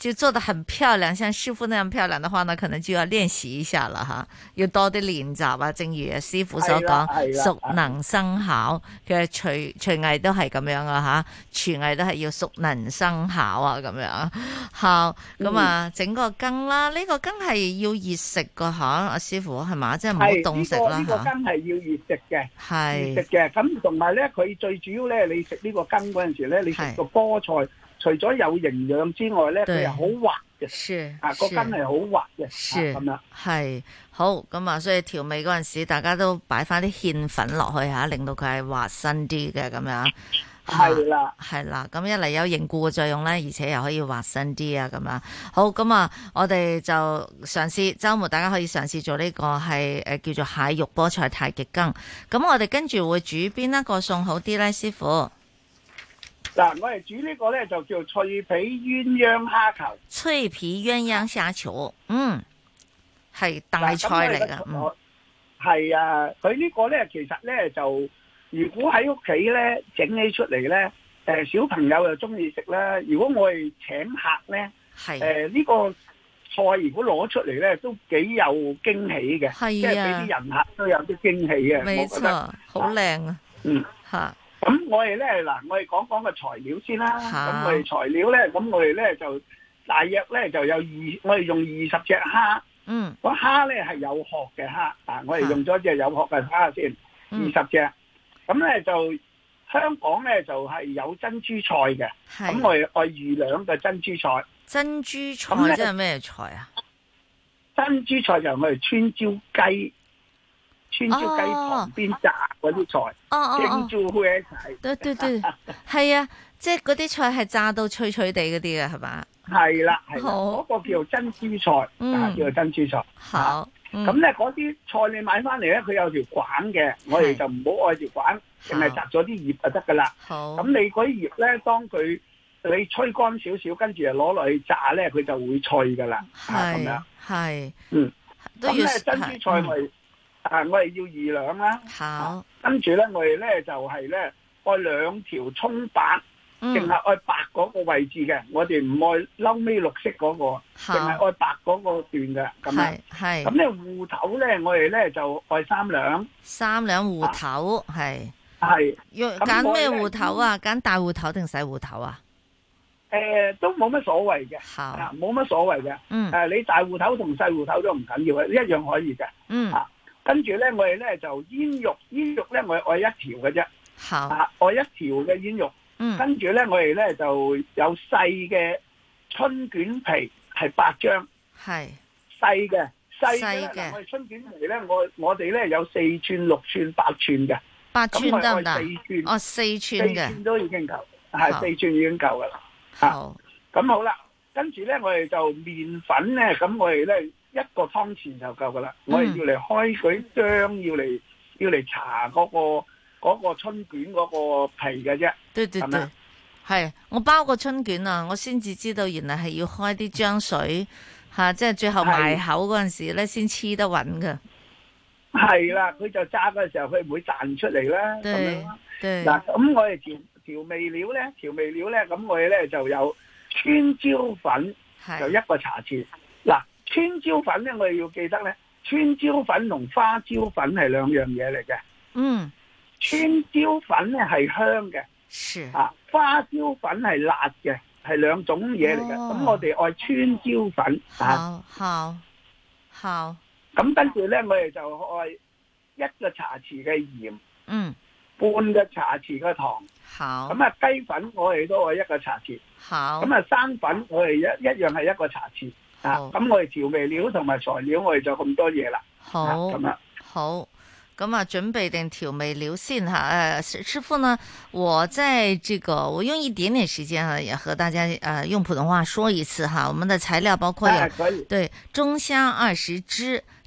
就做得很漂亮，像師傅那樣漂亮的話呢，可能就要練習一下啦，吓，要多啲練習，知啊，吧？正如師傅所講熟能生巧嘅廚廚藝都係咁樣啊，吓廚藝都係要熟能生巧啊，咁樣，好咁啊，整個羹啦，呢、嗯、個羹係要熱食嘅吓，阿師傅係嘛，即係唔好凍食啦。呢個羹係要熱食嘅，係是熱食嘅，咁同埋咧，佢最主要咧，你食呢個羹嗰陣時咧，你食個菠菜。除咗有營養之外咧，佢又好滑嘅，啊個根係好滑嘅，咁樣係好咁啊。是啊所以調味嗰陣時，大家都擺翻啲芡粉落去吓，令到佢係滑身啲嘅咁樣。係啦，係、啊、啦。咁一嚟有凝固嘅作用咧，而且又可以滑身啲啊。咁樣好咁啊，我哋就嘗試週末大家可以嘗試做呢、呢個係叫做蟹肉菠菜太極羹。咁我哋跟住會煮邊一個餸好啲咧，師傅？嗱，我哋煮這個呢個咧就叫脆皮鴛鴦蝦脆皮鴛鴦蝦球，脆皮鴛鴦蝦球，嗯，係大菜嚟噶，我我嗯，係啊，佢呢個咧其實咧就如果喺屋企咧整起出嚟咧，誒，小朋友又中意食啦。如果我哋請客咧，係誒呢個菜如果攞出嚟咧都幾有驚喜嘅，即啊，俾啲人客都有啲驚喜嘅。冇錯，好靚啊，啊，嗯，吓，啊。咁、嗯、我哋咧，嗱，我哋講講個材料先啦。咁、啊、我哋材料咧，咁我哋咧就大約咧就有二，我哋用二十隻蝦。嗯，個蝦咧係有殼嘅蝦。嗱、啊，我哋用咗只有殼嘅蝦先，二十隻。咁咧就香港咧就係、是、有珍珠菜嘅。咁、啊、我哋愛二兩嘅珍珠菜。珍珠菜即係咩菜啊？珍珠菜就係我哋川椒雞。川椒雞旁邊炸嗰啲菜，蒸豬一菜。對對對，係啊，即係嗰啲菜係炸到脆脆地嗰啲啊，係嘛？係啦，係啦，嗰個叫珍珠菜，嗯，叫珍珠菜。好，咁咧嗰啲菜你買翻嚟咧，佢有條管嘅，我哋就唔好愛條管，淨係摘咗啲葉就得噶啦。好，咁你嗰啲葉咧，當佢你吹乾少少，跟住就攞落去炸咧，佢就會脆噶啦。係咁樣，係，嗯，咁咧珍珠菜咪。啊！我哋要二兩啦，好，跟住咧，我哋咧就係咧愛兩條葱白，淨係愛白嗰個位置嘅，我哋唔愛後尾綠色嗰個，淨係愛白嗰個段嘅，咁啊，係咁咧芋頭咧，我哋咧就愛三兩，三兩芋頭係係。要揀咩芋頭啊？揀大芋頭定細芋頭啊？誒，都冇乜所謂嘅，吓，冇乜所謂嘅，嗯，誒，你大芋頭同細芋頭都唔緊要嘅，一樣可以嘅，嗯跟住咧，我哋咧就煙肉，煙肉咧我愛一條嘅啫，吓，我一條嘅煙肉。嗯，跟住咧我哋咧就有細嘅春卷皮係八張，係是細嘅細嘅的、啊。我哋春卷皮咧，我我哋咧有四寸、六寸、八寸嘅，八寸得唔得？哦四寸，四寸都已經夠，係好四寸已經夠噶啦。好，咁好啦，跟住咧我哋就麵粉咧，咁我哋咧。一個湯匙就夠噶啦，嗯、我係要嚟開水漿，要嚟要嚟查嗰個、那個春卷嗰個皮嘅啫，對對係嗎我包個春卷啊，我先至知道原來係要開啲漿水吓、啊，即係最後埋口嗰陣時咧，先黐是得穩嘅。係啦，佢就揸嗰時候，佢唔會彈出嚟啦。對對，嗱咁樣對、啊、我哋調調味料咧，調味料咧，咁我哋咧就有川椒粉，是就一個茶匙嗱。啊川椒粉咧，我哋要記得咧，川椒粉同花椒粉係兩樣嘢嚟嘅。嗯，川椒粉咧係香嘅，是啊，花椒粉係辣嘅，係兩種嘢嚟嘅。咁、哦、我哋愛川椒粉，好，好，好。咁跟住咧，我哋就愛一個茶匙嘅鹽，嗯，半個茶匙嘅糖，好。咁啊，雞粉我哋都愛一個茶匙，好。咁啊，生粉我哋一一樣係一個茶匙。好啊，咁我哋調味料同埋材料我哋就咁多嘢啦。好，咁、啊、樣好，咁、嗯、啊準備定調味料先吓。誒、啊，師傅呢？我在這個我用一點點時間啊，也和大家誒、啊、用普通話說一次哈、啊。我們的材料包括有，啊、對，中蝦二十隻。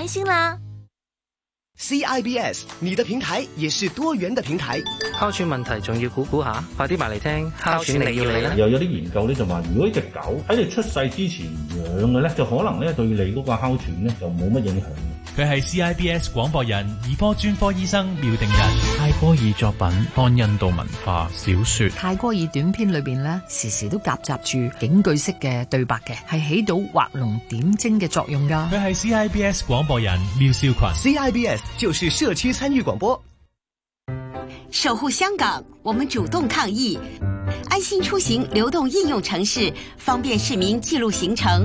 開心啦！CIBS 你的平台也是多元的平台。哮喘問題仲要估估下，快啲埋嚟聽哮喘你要嚟啦。又有啲研究咧就話，如果一隻狗喺你出世之前養嘅咧，就可能咧對你嗰個哮喘咧就冇乜影響。佢係 CIBS 廣播人，耳科專科醫生妙定人，泰戈爾作品《看印度文化小說》。泰戈爾短篇裏邊呢，時時都夾雜住警句式嘅對白嘅，係起到畫龍點睛嘅作用噶。佢係 CIBS 廣播人妙笑群，CIBS 就是社區參與廣播。守護香港，我們主動抗疫，安心出行，流動應用程式，方便市民記錄行程。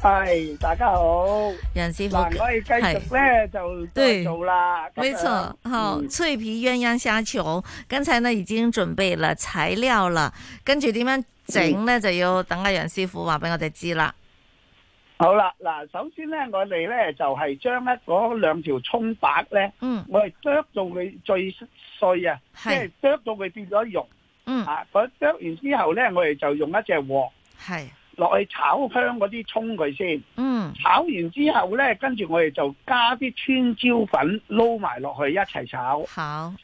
係、哎，大家好，楊師傅，嗱，我哋繼續咧是就做啦。對沒錯，好、嗯、脆皮鴛鴦蝦球，剛才呢已經準備了材料啦，跟住點樣整呢？是就要等阿、啊、楊師傅話俾我哋知啦。好啦，嗱，首先呢，我哋呢就係將一嗰兩條蔥白呢，嗯，我哋剁到佢最碎啊，即係剁到佢變咗茸，嗯啊，剁完之後呢，我哋就用一隻鑊，係、嗯。落去炒香嗰啲蔥佢先，嗯，炒完之後咧，跟住我哋就加啲川椒粉撈埋落去一齊炒。炒好，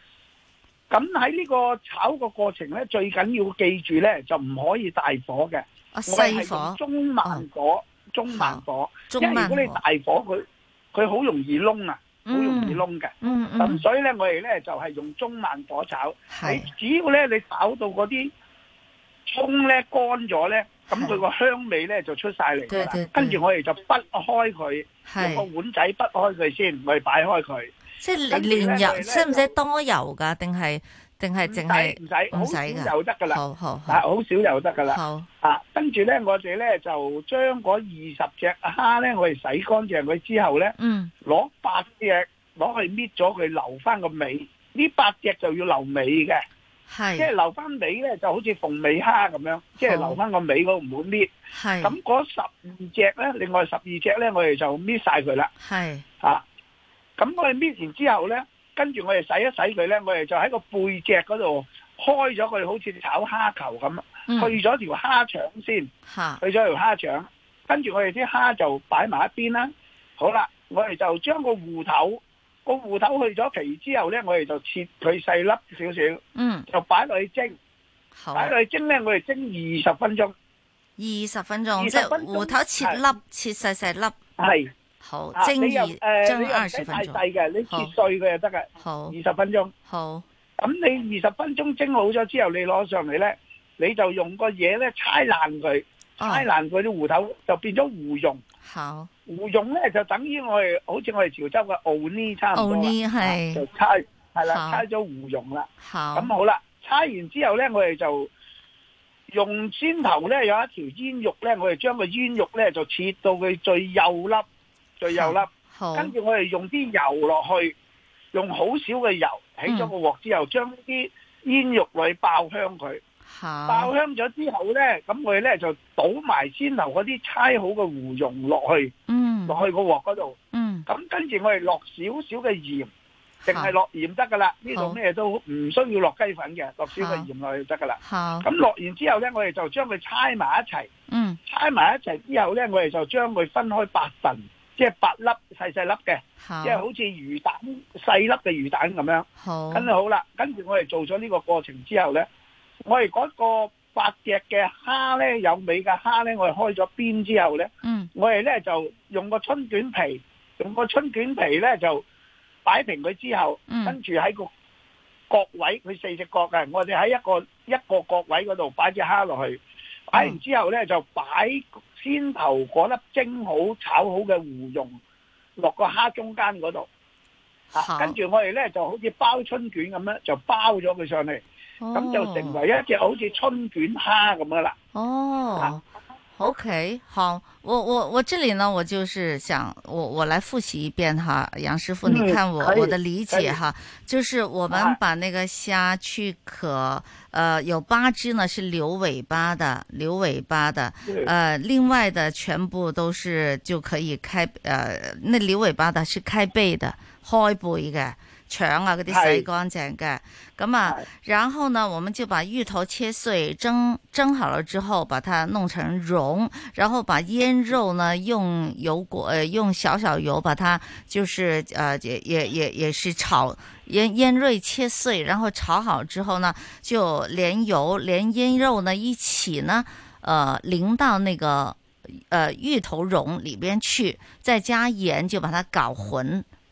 咁喺呢個炒個過程咧，最緊要記住咧，就唔可以大火嘅，啊、細火我哋係用中慢火，哦、中慢火，中慢火，因為如果你大火，佢佢好容易㶶啊，好容易㶶嘅。咁、嗯嗯、所以咧，我哋咧就係用中慢火炒。你是只要咧，你炒到嗰啲蔥咧乾咗咧。咁佢個香味咧就出晒嚟噶啦，跟住我哋就拔開佢，用個碗仔拔開佢先，我哋擺開佢。即係煉油，使唔使多油噶？定係定係淨係唔使，唔使油得噶啦。好好，啊，好少油得噶啦。好啊，跟住咧，我哋咧就將嗰二十隻蝦咧，我哋洗乾淨佢之後咧，攞八隻攞去搣咗佢，留翻個尾。呢八隻就要留尾嘅。即係是留翻尾咧，就好似鳳尾蝦咁樣，即係好留翻個尾嗰度唔會搣。係咁嗰十二隻咧，另外十二隻咧，我哋就搣晒佢啦。係咁是、啊、咁我哋搣完之後咧，跟住我哋洗一洗佢咧，我哋就喺個背脊嗰度開咗佢，好似炒蝦球咁，嗯、去咗條蝦腸先，是去咗條蝦腸，跟住我哋啲蝦就擺埋一邊啦。好啦，我哋就將個芋頭。個芋頭去咗皮之後咧，我哋就切佢細粒少少，嗯，就擺落去蒸，擺落去蒸咧，我哋蒸二十分鐘，二十分鐘，即係芋頭切粒，切細細粒，係好蒸二蒸二十分鐘，細細嘅，你切碎佢就得噶，好二十分鐘，好咁你二十分鐘蒸好咗之後，你攞上嚟咧，你就用個嘢咧拆爛佢。拆爛佢啲芋頭就變咗芋蓉，好芋蓉咧就等於我哋好似我哋潮州嘅芋呢差唔多，芋呢係，就拆係啦，拆咗好芋蓉啦。咁好啦，拆、嗯、完之後咧，我哋就用先頭咧有一條煙肉咧，我哋將個煙肉咧就切到佢最幼粒，最幼粒。好跟住我哋用啲油落去，用好少嘅油起咗個鑊之後，將啲煙肉裏爆香佢。爆香咗之後呢，咁我哋呢就倒埋先頭嗰啲猜好嘅胡蓉落去，落、嗯、去個鑊嗰度。咁、嗯、跟住我哋落少少嘅鹽，淨係落鹽得噶啦。呢度咩都唔需要落雞粉嘅，落少嘅鹽落去就得噶啦。咁落好、嗯、完之後呢，我哋就將佢猜埋一齊。猜埋、嗯、一齊之後呢，我哋就將佢分開八份，即係八粒細細粒嘅，即係好似魚蛋細粒嘅魚蛋咁樣。咁好啦，跟住我哋做咗呢個過程之後呢。我哋嗰個八隻嘅蝦咧，有尾嘅蝦咧，我哋開咗邊之後咧，嗯，我哋咧就用個春卷皮，用個春卷皮咧就擺平佢之後，嗯，跟住喺個角位，佢四隻角嘅，我哋喺一個一個角位嗰度擺隻蝦落去，擺完之後咧就擺先頭嗰粒蒸好炒好嘅胡蓉落個蝦中間嗰度，吓，跟住我哋咧就好似包春卷咁樣，就包咗佢上嚟。咁就成為一隻好似春卷蝦咁樣啦。哦、oh,，OK，好，我我我這裏呢，我就是想我我來複習一遍哈，楊師傅，你看我是我的理解哈，是是就是我們把那個蝦去殼，是呃，有八隻呢是留尾巴的，留尾巴的，是呃，另外的全部都是就可以開，呃，那留尾巴的是開背的，開背嘅。腸啊，嗰啲洗乾淨嘅，咁啊，然後呢，我們就把芋頭切碎，蒸蒸好了之後，把它弄成蓉，然後把醃肉呢，用油鑊，呃，用少少油把它，就是呃，也也也也是炒醃醃肉切碎，然後炒好之後呢，就連油連醃肉呢一起呢，呃，淋到那個呃芋頭蓉裏邊去，再加鹽，就把它搞混。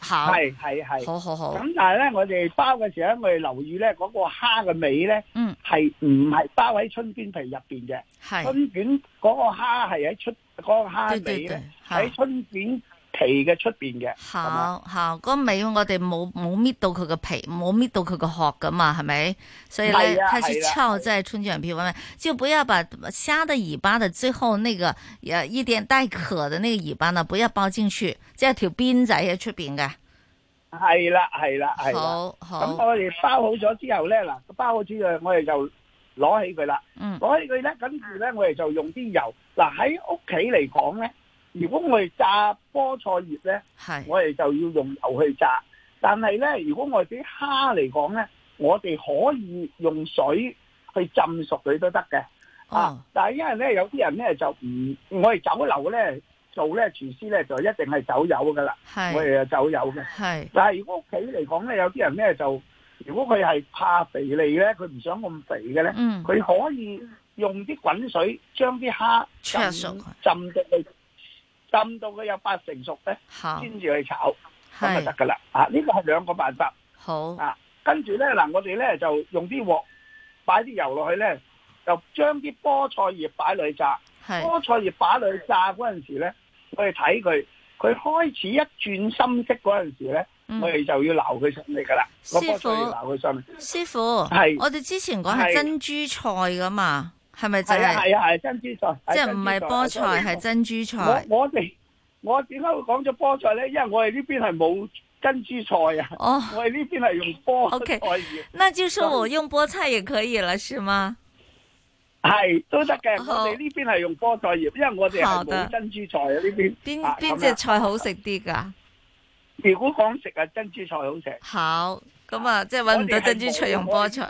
係係係，好好好。咁但係咧，我哋包嘅時候咧，我哋留意咧嗰個蝦嘅尾咧，嗯，係唔係包喺春卷皮入邊嘅？係。春卷嗰個蝦係喺出嗰個蝦尾咧，喺春卷皮嘅出邊嘅，好好嗰尾我哋冇冇搣到佢個皮，冇搣到佢個殼㗎嘛，係咪？所以咧，睇住之後即係春卷皮方面，啊啊、就不要把蝦嘅尾巴的最後那個一點帶殼的那個尾巴呢，不要包進去，即係條鞭仔喺出邊嘅。係啦、啊，係啦、啊，係啦、啊。咁我哋包好咗之後咧，嗱，包好之後我哋就攞起佢啦，攞、嗯、起佢咧，跟住咧我哋就用啲油。嗱、啊，喺屋企嚟講咧。如果我哋炸菠菜葉咧，是我哋就要用油去炸。但係咧，如果我哋啲蝦嚟講咧，我哋可以用水去浸熟佢都得嘅。哦、啊！但係因為咧，有啲人咧就唔，我哋酒樓咧做咧廚師咧就一定係走油噶啦。係是我哋啊走油嘅。係是但係如果屋企嚟講咧，有啲人咧就，如果佢係怕肥膩咧，佢唔想咁肥嘅咧，佢、嗯、可以用啲滾水將啲蝦浸熟佢。浸到佢有八成熟咧，好煎住去炒咁是就得噶啦。啊，呢個係兩個辦法。好啊，跟住咧嗱，我哋咧就用啲鑊，擺啲油落去咧，就將啲菠菜葉擺落去炸。是菠菜葉擺落去炸嗰陣時咧，我哋睇佢，佢開始一轉深色嗰陣時咧，嗯、我哋就要撈佢上嚟噶啦。父菠菜葉撈佢上嚟。師傅父，係是我哋之前講係珍珠菜噶嘛。係咪就係、係？係啊係啊，珍珠菜，即係唔係菠菜，係珍珠菜。我哋我點解會講咗菠菜咧？因為我哋呢邊係冇珍珠菜啊。哦，oh. 我哋呢邊係用菠菜葉。Okay. 那就說我用菠菜也可以了，是嗎？係都得嘅，好我哋呢邊係用菠菜葉，因為我哋係冇珍珠菜哪啊。呢邊邊邊隻菜好食啲噶？如果講食啊，珍珠菜好食。好。咁啊，即係搵唔到珍珠菜用菠菜？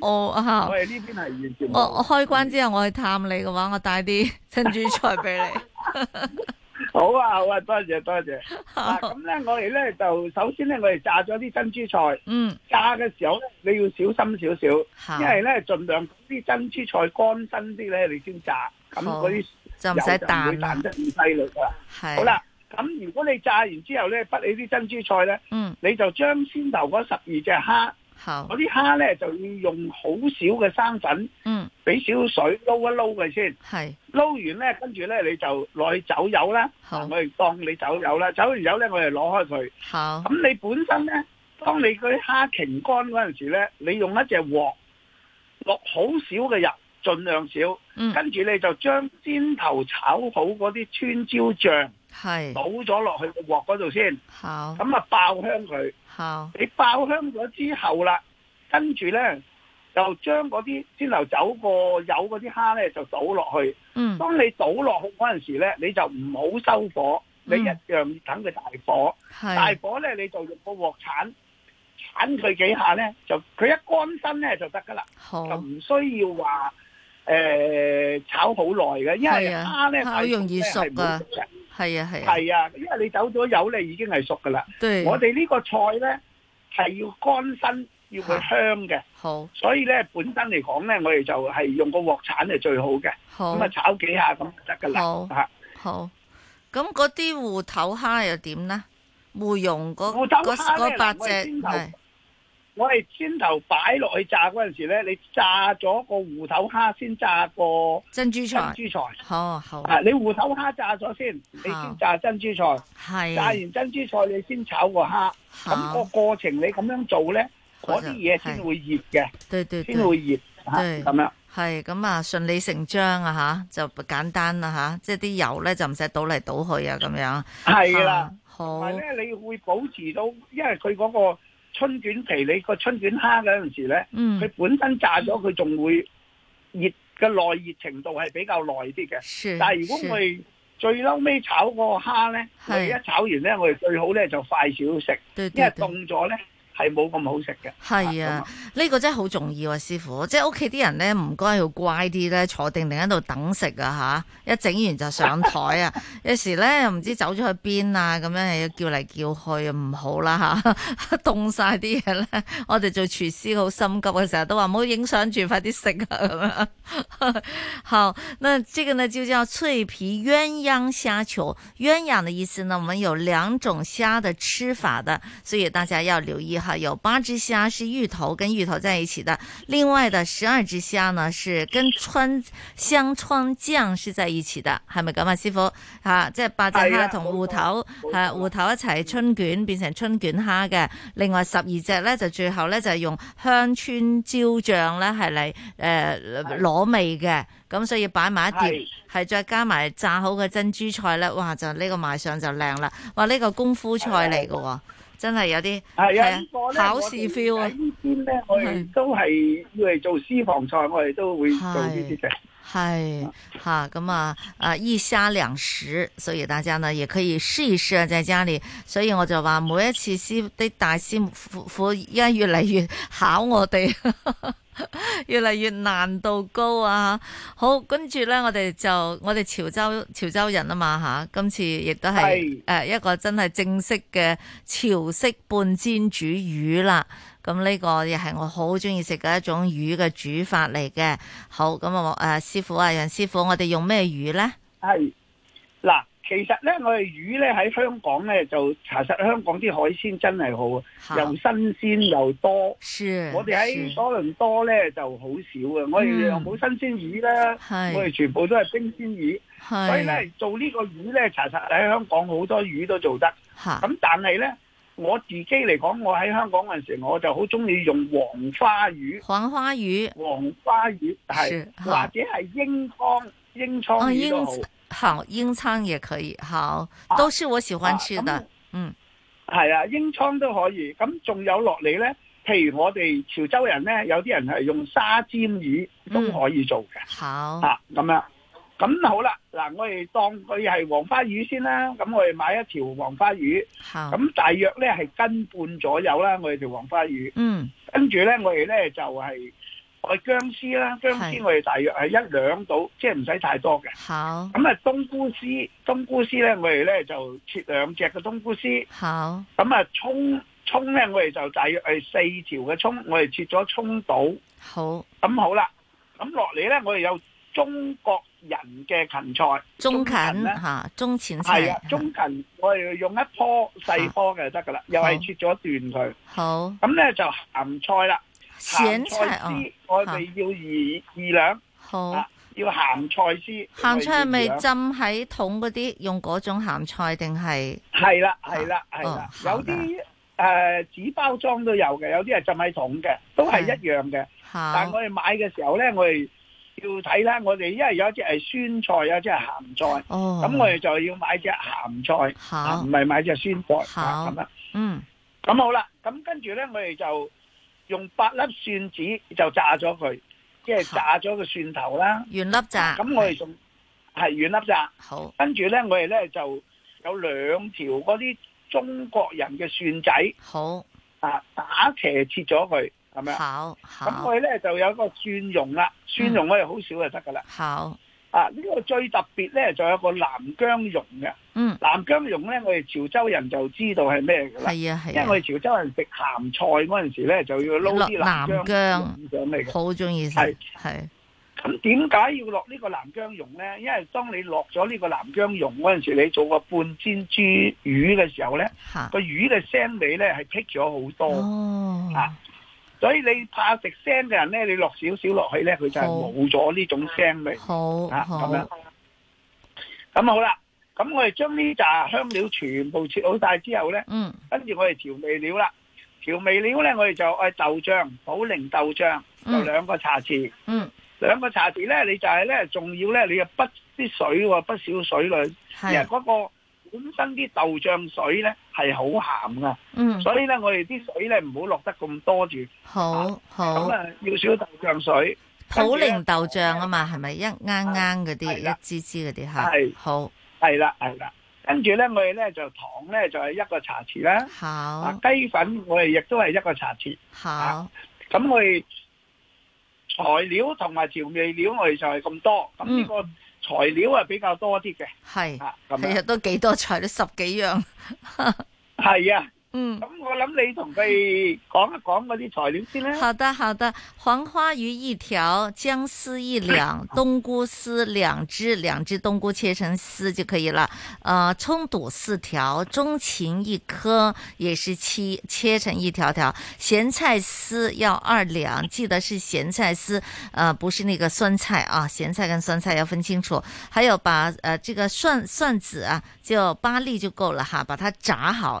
我吓，哦、我呢邊係完全，我我開關之後、嗯、我去探你嘅話，我帶啲珍珠菜俾你。 好啊好啊，多謝多謝。咁咧好、啊、我哋咧就首先咧我哋炸咗啲珍珠菜，嗯，炸嘅時候咧你要小心少少，好因為咧盡量啲珍珠菜乾身啲咧你先炸，咁嗰啲就唔使彈啦，彈得咁細粒，係，好啦咁如果你炸完之後咧，拔起啲珍珠菜咧，你就將先頭嗰十二隻蝦，嗰啲蝦咧就要用好少嘅生粉，俾少水撈一撈佢先，撈完咧，跟住咧你就攞去走油啦，我哋當你走油啦，走完油咧我哋攞開佢，咁你本身咧，當你嗰啲蝦擎乾嗰陣時咧，你用一隻鑊落好少嘅油。盡量少，嗯、跟住你就將先頭炒好嗰啲川椒醬是倒咗落去個鑊嗰度先。咁啊好爆香佢。好你爆香咗之後啦，跟住呢就將嗰啲先頭走過油嗰啲蝦呢就倒落去。嗯、當你倒落去嗰陣時呢，你就唔好收火，嗯、你一樣等佢大火。是大火呢，你就用個鑊鏟鏟佢幾下呢，就佢一乾身呢就得㗎啦。就唔好需要話。誒、欸，炒好耐嘅，因為蝦咧好容易熟噶係啊係啊，係啊，因為你走咗油你已經係熟噶啦。對、啊，啊、我哋呢個菜咧係要乾身，要佢香嘅、啊。好，所以咧本身嚟講咧，我哋就係用個鑊鏟係最好嘅。好，咁啊炒幾下咁得噶啦。好，好，咁嗰啲芋頭蝦又點咧？芋蓉嗰八隻。我哋先頭擺落去炸嗰陣時咧，你炸咗個芋頭蝦先炸個珍珠菜，珍珠菜好好啊！你芋頭蝦炸咗先，你先炸珍珠菜，係、哦、炸完珍珠菜你先炒個蝦。咁個過程你咁樣做咧，嗰啲嘢先會熱嘅，對對先會熱吓咁樣。係咁啊，順理成章啊吓，就簡單啦吓，即係啲油咧就唔使倒嚟，倒去啊，咁樣係啦，好了。同埋咧，你會保持到，因為佢嗰、嗰個。春卷皮你個春卷蝦嗰陣時咧，佢、嗯、本身炸咗佢仲會熱嘅，耐熱程度係比較耐啲嘅。是但係如果我哋最嬲尾炒嗰個蝦咧，是我哋一炒完咧，我哋最好咧就快少食，對對對因為凍咗咧。係冇咁好食嘅。係啊，呢樣個真係好重要啊，師傅。即係屋企啲人咧，唔該要乖啲咧，坐定定喺度等食啊吓。一整完就上台啊。 有時咧又唔知走咗去邊啊，咁樣係要叫嚟叫去唔好啦吓。凍晒啲嘢咧，我哋做廚師好心急嘅，成日都話唔好影相住，快啲食啊咁、啊、好，呢這個呢就叫脆皮鴛鴦蝦球。鴛鴦的意思呢，我們有兩種蝦的吃法的，所以大家要留意。係，有八隻蝦是芋頭跟芋頭在一起的，另外的十二隻蝦呢是跟川香川醬是在一起的，係咪咁啊？師傅，吓、啊，即、就、係、是、八隻蝦同芋頭，吓，芋頭一齊春卷的變成春卷蝦嘅，另外十二隻呢，就最後呢，就係用香川椒醬呢係嚟誒攞味嘅，咁所以擺埋一碟，係的再加埋炸好嘅珍珠菜呢，哇！就呢個賣相就靚啦，哇！呢、這個功夫菜嚟嘅。真係有啲係啊！考試 feel 啊！是呢啲咧，的我哋都係要嚟做私房菜，我哋都會做呢啲嘅。係吓咁啊！啊，一蝦兩食，所以大家呢也可以試一試啊在家裏。所以我就話每一次師的大師傅傅而家越嚟越考我哋， 越嚟越難度高啊！好，跟住呢，我哋就我哋潮州潮州人啊嘛吓，今次亦都係誒一個真係正，正式嘅潮式半煎煮魚啦。咁呢個又係我好中意食嘅一種魚嘅煮法嚟嘅。好，咁啊，誒，師傅啊，楊師傅，我哋用咩魚呢？係嗱，其實呢，我哋魚呢喺香港呢，就查實，香港啲海鮮真係好，好又新鮮又多。是。我哋喺多倫多呢就好少啊，是我哋又冇新鮮魚啦，是我哋全部都係冰鮮魚，是所以呢做呢個魚呢，查實喺香港好多魚都做得。咁是但係呢。我自己嚟講，我喺香港嗰陣時，我就好中意用黃花魚、黃花魚、黃花魚係，是是或者係英倉、英倉、哦、鷹魚都好。英倉也可以，好，啊、都是我喜歡吃的。啊啊、嗯，係啊，英倉都可以。咁仲有落嚟咧，譬如我哋潮州人咧，有啲人係用沙尖魚都可以做嘅、嗯。好啊，咁樣。咁好啦，嗱，我哋當佢係黃花魚先啦，咁我哋買一條黃花魚，咁好大約咧係斤半左右啦，我哋條黃花魚，嗯，跟住咧我哋咧就係、是、我哋薑絲啦，薑絲是我哋大約係一兩到，即係唔使太多嘅。好，咁啊冬菇絲，冬菇絲咧我哋咧就切兩隻嘅冬菇絲，好，咁啊葱葱咧我哋就大約係四條嘅葱，我哋切咗葱到，好，咁好啦，咁落嚟咧我哋有中國。人嘅芹菜、中芹嚇，中前菜係啊，中芹我哋用一樖細樖嘅就得噶啦，又係切咗段佢，好，咁咧就鹹菜啦，鹹菜絲，我哋要二二兩，好，要鹹菜絲，鹹菜係咪浸喺桶嗰啲，用嗰種鹹菜定係？係啦係啦係啦，有啲誒紙包裝都有嘅，有啲係浸喺桶嘅，都係一樣嘅，但係我哋買嘅時候咧，我哋。要睇啦，我哋因為有一隻係酸菜，有一隻係鹹菜，咁、哦、我哋就要買隻鹹菜，唔係好買隻酸菜咁啦。好樣嗯，咁好啦，咁跟住咧，我哋就用八粒蒜子就炸咗佢，即、就、係、是、炸咗個蒜頭啦，原粒炸？咁我哋仲係原粒炸？好。跟住咧，我哋咧就有兩條嗰啲中國人嘅蒜仔，好啊，打斜切咗佢。咁樣，咁我咧就有一個蒜蓉啦，蒜蓉我哋好少就得噶啦。好啊，呢個最特別咧就有一個南薑蓉嘅。嗯，南薑蓉咧我哋潮州人就知道係咩噶啦。係啊係，因為我哋潮州人食鹹菜嗰陣時咧就要撈啲南薑咁樣嚟嘅。好中意食，係係。咁點解要落呢個南薑蓉咧？因為當你落咗呢個南薑蓉嗰陣時，你做個半煎煮魚嘅時候咧，個魚嘅腥味咧係剔咗好多啊。所以你怕食腥嘅人咧，你落少少落去咧，佢就係冇咗呢種腥味。好，咁、啊、好樣。咁好啦，咁我哋將呢紮香料全部切好晒之後咧，嗯，跟住我哋調味料啦，調味料咧，我哋就嗌豆醬、保靈豆醬，就兩個茶匙，嗯，兩、嗯、個茶匙咧，你就係咧仲要咧，你啊不啲水，不少水類，係啊是、那個。本身啲豆醬水咧係好鹹噶，嗯，所以咧我哋啲水咧唔好落得咁多住，好好咁啊，要少豆醬水，普寧豆醬啊嘛，係咪一啱啱嗰啲，一支支嗰啲吓，係好，係啦係啦，跟住咧我哋咧就糖咧就係一個茶匙啦，好，雞粉我哋亦都係一個茶匙，好，咁我哋材料同埋調味料我哋就係咁多，咁呢個。材料係比較多啲嘅，係是，咁其實都幾多材，都十幾樣，係 啊。嗯，咁我諗你同佢講一講嗰啲材料先啦，嗯。好的好的，黃花魚一條，薑絲一兩，冬菇絲兩隻，兩隻冬菇切成絲就可以了。呃，蔥肚四條，中芹一顆，也是切切成一條條，鹹菜絲要二兩，記得是鹹菜絲，呃，不是那個酸菜啊，鹹菜跟酸菜要分清楚。還有把呃這個蒜蒜子啊，就八粒就夠了哈，把它炸好。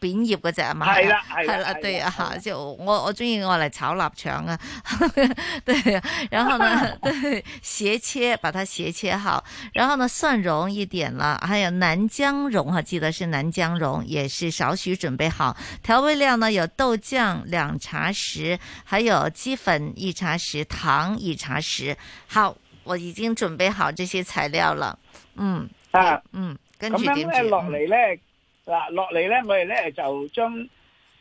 扁葉嗰隻嘛？係啦係啦，係啦，對啊，就我我中意我嚟炒臘腸啊，對啊，然後呢 對斜切，把它斜切好，然後呢蒜蓉一點啦，還有南薑蓉哈，記得是南薑蓉，也是少許準備好，調味料呢有豆醬兩茶匙，還有雞粉一茶匙，糖一茶匙，好，我已經準備好這些材料了，嗯，嗯，嗯啊，嗯，跟住咁樣咧落嚟咧，嗯嗱，落嚟咧，我哋咧就將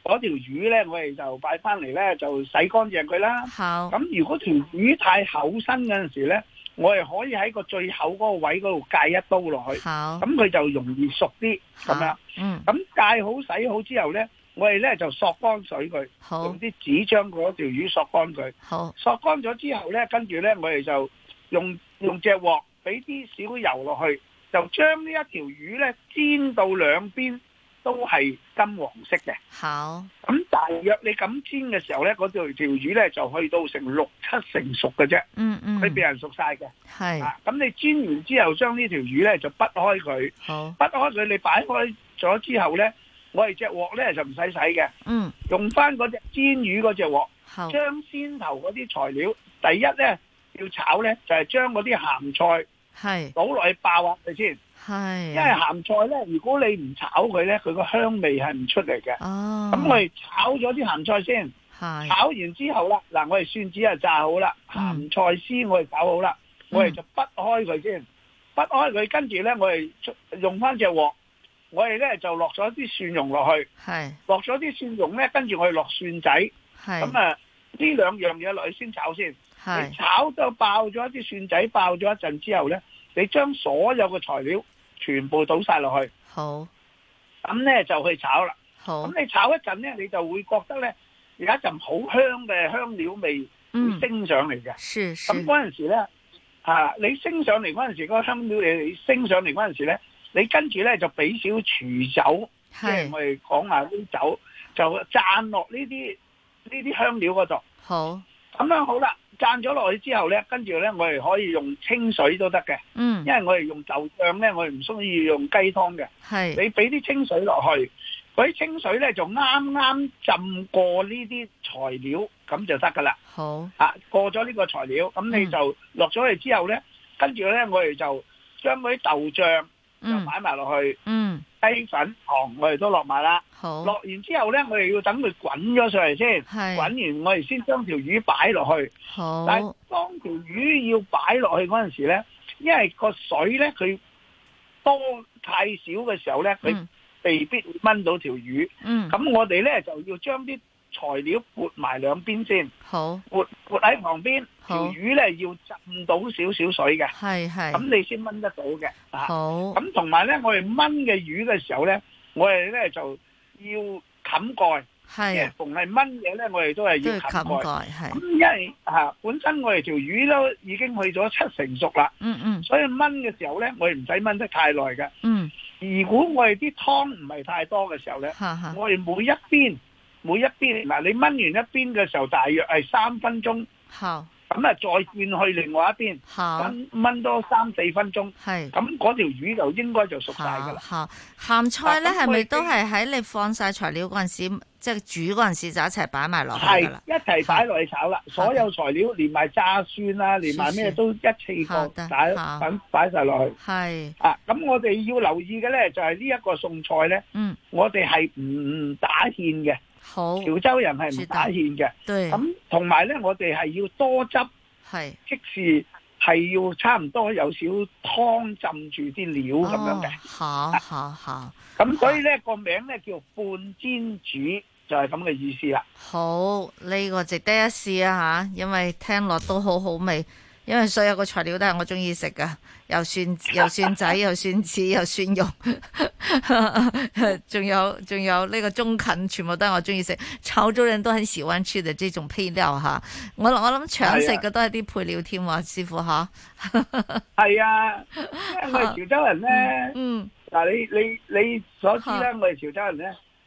嗰條魚咧，我哋就擺翻嚟咧，就洗乾淨佢啦。好，咁如果條魚太厚身嗰陣時咧，我哋可以喺個最厚嗰個位嗰度界一刀落去。好，咁佢就容易熟啲咁好樣。嗯，咁界好洗好之後咧，我哋咧就索乾水佢，好用啲紙將嗰條魚索乾佢。好，索乾咗之後咧，跟住咧我哋就用用隻鑊俾啲少油落去。就將呢一條魚呢煎到兩邊都係金黃色嘅。好。咁大約你咁煎嘅時候呢，嗰條魚呢就去到成六七成熟嘅啫。嗯嗯。佢未係熟晒嘅。咁是、啊、你煎完之後，將呢條魚呢就擘開佢。好。擘開佢，你擺開咗之後呢，我哋隻鑊呢就唔使洗嘅。嗯。用返嗰隻煎魚嗰隻鑊。好將先頭嗰啲材料，第一呢，要炒呢，就係、是、將嗰啲鹹菜。係倒落去爆佢先。係是，因為鹹菜咧，如果你唔炒佢咧，佢個香味係唔出嚟嘅。哦，咁我哋炒咗啲鹹菜先，是炒完之後啦，嗱，我哋蒜子啊炸好啦，鹹菜絲我哋炒好啦，我哋就不開佢先，不開佢，跟住咧我哋用翻隻鑊，我哋咧就落咗啲蒜蓉落去，係落咗啲蒜蓉咧，跟住我哋落蒜仔，係咁是啊，呢兩樣嘢落去先炒先。你炒到爆咗一啲蒜仔，爆咗一陣之後咧，你將所有嘅材料全部倒晒落去，好，咁咧就去炒啦。好，咁你炒一陣咧，你就會覺得咧，有一陣好香嘅香料味升上嚟嘅。咁嗰陣時咧，吓、啊、你升上嚟嗰陣時，嗰、嗰個香料味升上嚟嗰陣時咧，你跟住咧就俾少少廚酒，即係是我哋講下啲酒，就灒落呢啲呢啲香料嗰度。好，咁樣好啦。蘸咗落去之後咧，跟住咧我哋可以用清水都得嘅，嗯，因為我哋用豆醬咧，我哋唔需要用雞湯嘅，係你俾啲清水落去，嗰啲清水咧就啱啱浸過呢啲材料咁就得噶啦，好啊，過咗呢個材料，咁你就落咗嚟之後咧，嗯、跟住咧我哋就將嗰啲豆醬。就擺埋落去，嗯，雞粉、嗯、糖我哋都落埋啦，好，落完之後咧，我哋要等佢滾咗上嚟先，係，滾完我哋先將條魚擺落去，好，但係當條魚要擺落去嗰陣時咧，因為個水咧佢多太少嘅時候咧，佢未必會炆到條魚，嗯，咁我哋咧就要將啲材料撥埋兩邊先，好，撥撥喺旁邊。條好魚咧要浸到少少水嘅，係係是，咁你先炆得到嘅，啊，好，咁同埋咧，我哋炆嘅魚嘅時候咧，我哋咧就要冚蓋，係，逢係炆嘢咧，我哋都係要冚蓋，係，咁因為吓，本身我哋條魚都已經去咗七成熟啦，嗯嗯，所以炆嘅時候咧，我哋唔使炆得太耐嘅，嗯，如果我哋啲湯唔係太多嘅時候咧，哈哈，我哋每一邊每一邊嗱、啊，你炆完一邊嘅時候，大約係三分鐘，好。咁啊，再轉去另外一邊，咁炆的多三四分鐘，咁嗰的條魚就應該就熟晒噶啦。鹹菜咧係咪都係喺你放晒材料嗰陣時，即係以煮嗰陣時就一齊擺埋落去㗎啦？係一齊擺落去炒啦，的所有材料連埋炸蒜啦，連埋咩、啊、都一次過擺，擺晒落去。係啊，咁我哋要留意嘅咧就係、是、呢一個餸菜咧，嗯、我哋係唔打芡嘅。好潮州人係唔打芡嘅，咁同埋咧，我哋係要多汁，是即使係要差唔多有少湯浸住啲料咁樣嘅，吓吓吓，咁所以咧、嗯、個名咧叫半煎煮就係咁嘅意思啦。好，呢、這個值得一試啊吓，因為聽落都好好味。因為所有個材料都係我中意食噶，又蒜又蒜仔又蒜子又蒜蓉，仲有仲 有呢個中芹，全部都係我中意食。潮州人都很喜歡食的這種料的配料吓，我我諗搶食嘅都係啲配料添啊，啊師傅吓。係啊，啊，我係潮州人咧。嗯好，嗱你你你所知咧，好我係潮州人咧。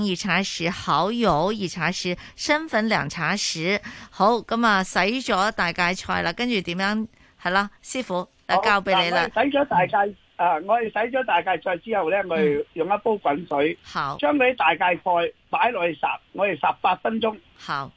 二茶匙蠔油，二茶匙生粉，兩茶匙。好咁啊，洗咗大芥菜啦，跟住點樣係啦？師傅，啊交俾你啦。洗咗大芥，啊我哋洗咗大芥菜之後咧，我哋用一煲滾水，將啲、嗯、大芥菜。擺落去烚，我哋烚八分鐘，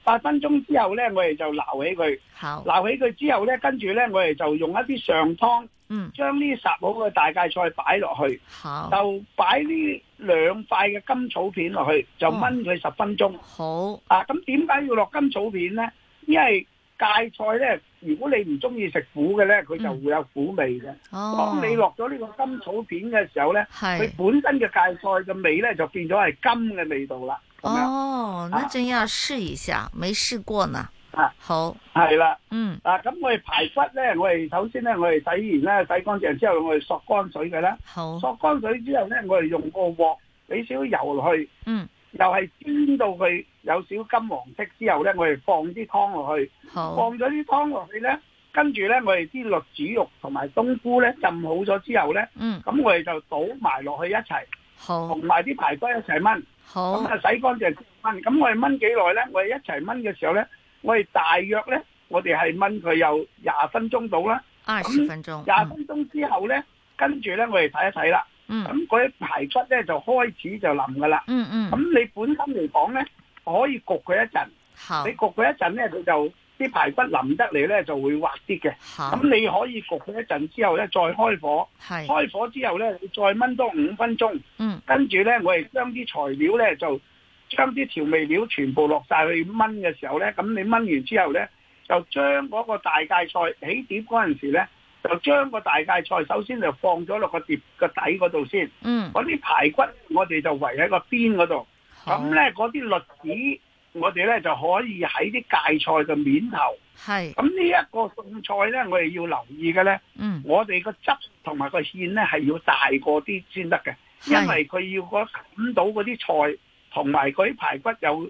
八好分鐘之後呢，我哋就撈起佢，好撈起佢之後呢，跟住呢，我哋就用一啲上湯，嗯、將呢烚好嘅大芥菜擺落去，好去，就擺呢兩塊嘅甘草片落去，就炆佢十分鐘。哦、好啊，咁點解要落甘草片呢？因為芥菜呢，如果你唔中意食苦嘅呢，佢就會有苦味嘅。哦、當你落咗呢個甘草片嘅時候呢，佢是本身嘅芥菜嘅味呢，就變咗係甘嘅味道啦。哦，那真要試一下，啊、沒試過呢。的嗯、啊，好，係啦，嗯，啊咁我哋排骨呢，我哋首先呢，我哋洗完呢，洗乾淨之後，我哋索乾水嘅啦。好，索乾水之後呢，我哋用個鑊俾少油落去，嗯，又係煎到佢有少金黃色之後呢，我哋放啲湯落去，好，放咗啲湯落去呢，跟住呢，我哋啲栗子肉同埋冬菇呢浸好咗之後呢，嗯，咁我哋就倒埋落去一齊，好，同埋啲排骨一齊燜。咁啊，好洗乾淨，燜。咁我哋燜幾耐咧？我哋一齊燜嘅時候咧，我哋大約咧，我哋係燜佢有廿分鐘到啦。二十分鐘。廿、嗯、分鐘之後咧，跟住咧，我哋睇一睇啦。嗯。咁嗰啲排骨咧，就開始就淋噶啦。嗯嗯。咁你本身嚟講咧，可以焗佢一陣。好。你焗佢一陣咧，佢就。啲排骨淋得嚟咧就會滑啲嘅，咁、啊、你可以焗佢一陣之後咧再開火，是開火之後咧再炆多五分鐘，嗯、跟住咧我哋將啲材料咧就將啲調味料全部落晒去炆嘅時候咧，咁你炆完之後咧就將嗰個大芥菜起碟嗰陣時咧，就將個大芥菜首先就放咗落個碟個底嗰度先，嗰啲、嗯、排骨我哋就圍喺個邊嗰度，咁咧嗰啲栗子。我哋咧就可以喺啲芥菜嘅面頭，係咁呢一個餸菜咧，我哋要留意嘅咧，嗯，我哋個汁同埋個芡咧係要大過啲先得嘅，是因為佢要冚到嗰啲菜同埋嗰啲排骨有。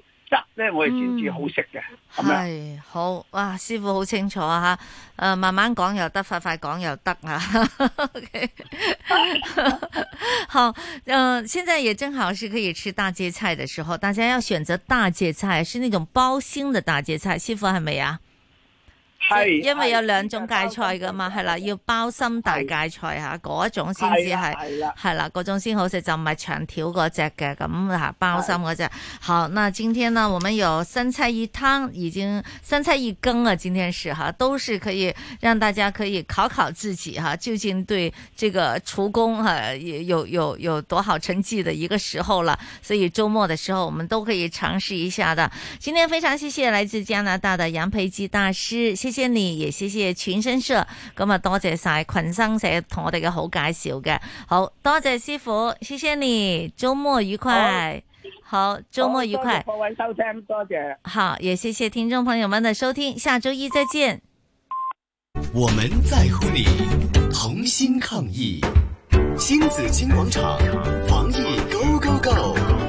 咧我哋先至好食嘅，係咪、嗯、樣好哇，師傅好清楚啊吓，誒、呃，慢慢講又得，快快講又得啊。 好、呃，現在也正好是可以吃大芥菜的時候，大家要選擇大芥菜，是那種包心的大芥菜。師傅係咪啊？因為有兩種芥菜噶嘛，係啦，要包心大芥菜吓，嗰一種先至係，係啦，係啦，嗰種先好食，就唔係長條個隻嘅咁啦，包心個隻。好，那今天呢，我們有三菜一湯，已經三菜一羹啦，今天是哈，都是可以讓大家可以考考自己哈，究竟對這個廚工哈，有有有有多好成績的一個時候啦，所以周末的時候，我們都可以嘗試一下的。今天非常謝謝來自加拿大的楊培基大師，謝謝你，也謝謝全身社咁啊多謝晒群生社同我哋嘅好介紹嘅，好多謝師傅，謝謝你，周末愉快，哦、好，周末愉快，各位收聽，多謝，多謝，多謝，多謝，好，也謝謝聽眾朋友們的收聽，下周一再見，我們在乎你，同心抗疫，新紫荊廣場防疫 Go, Go Go Go。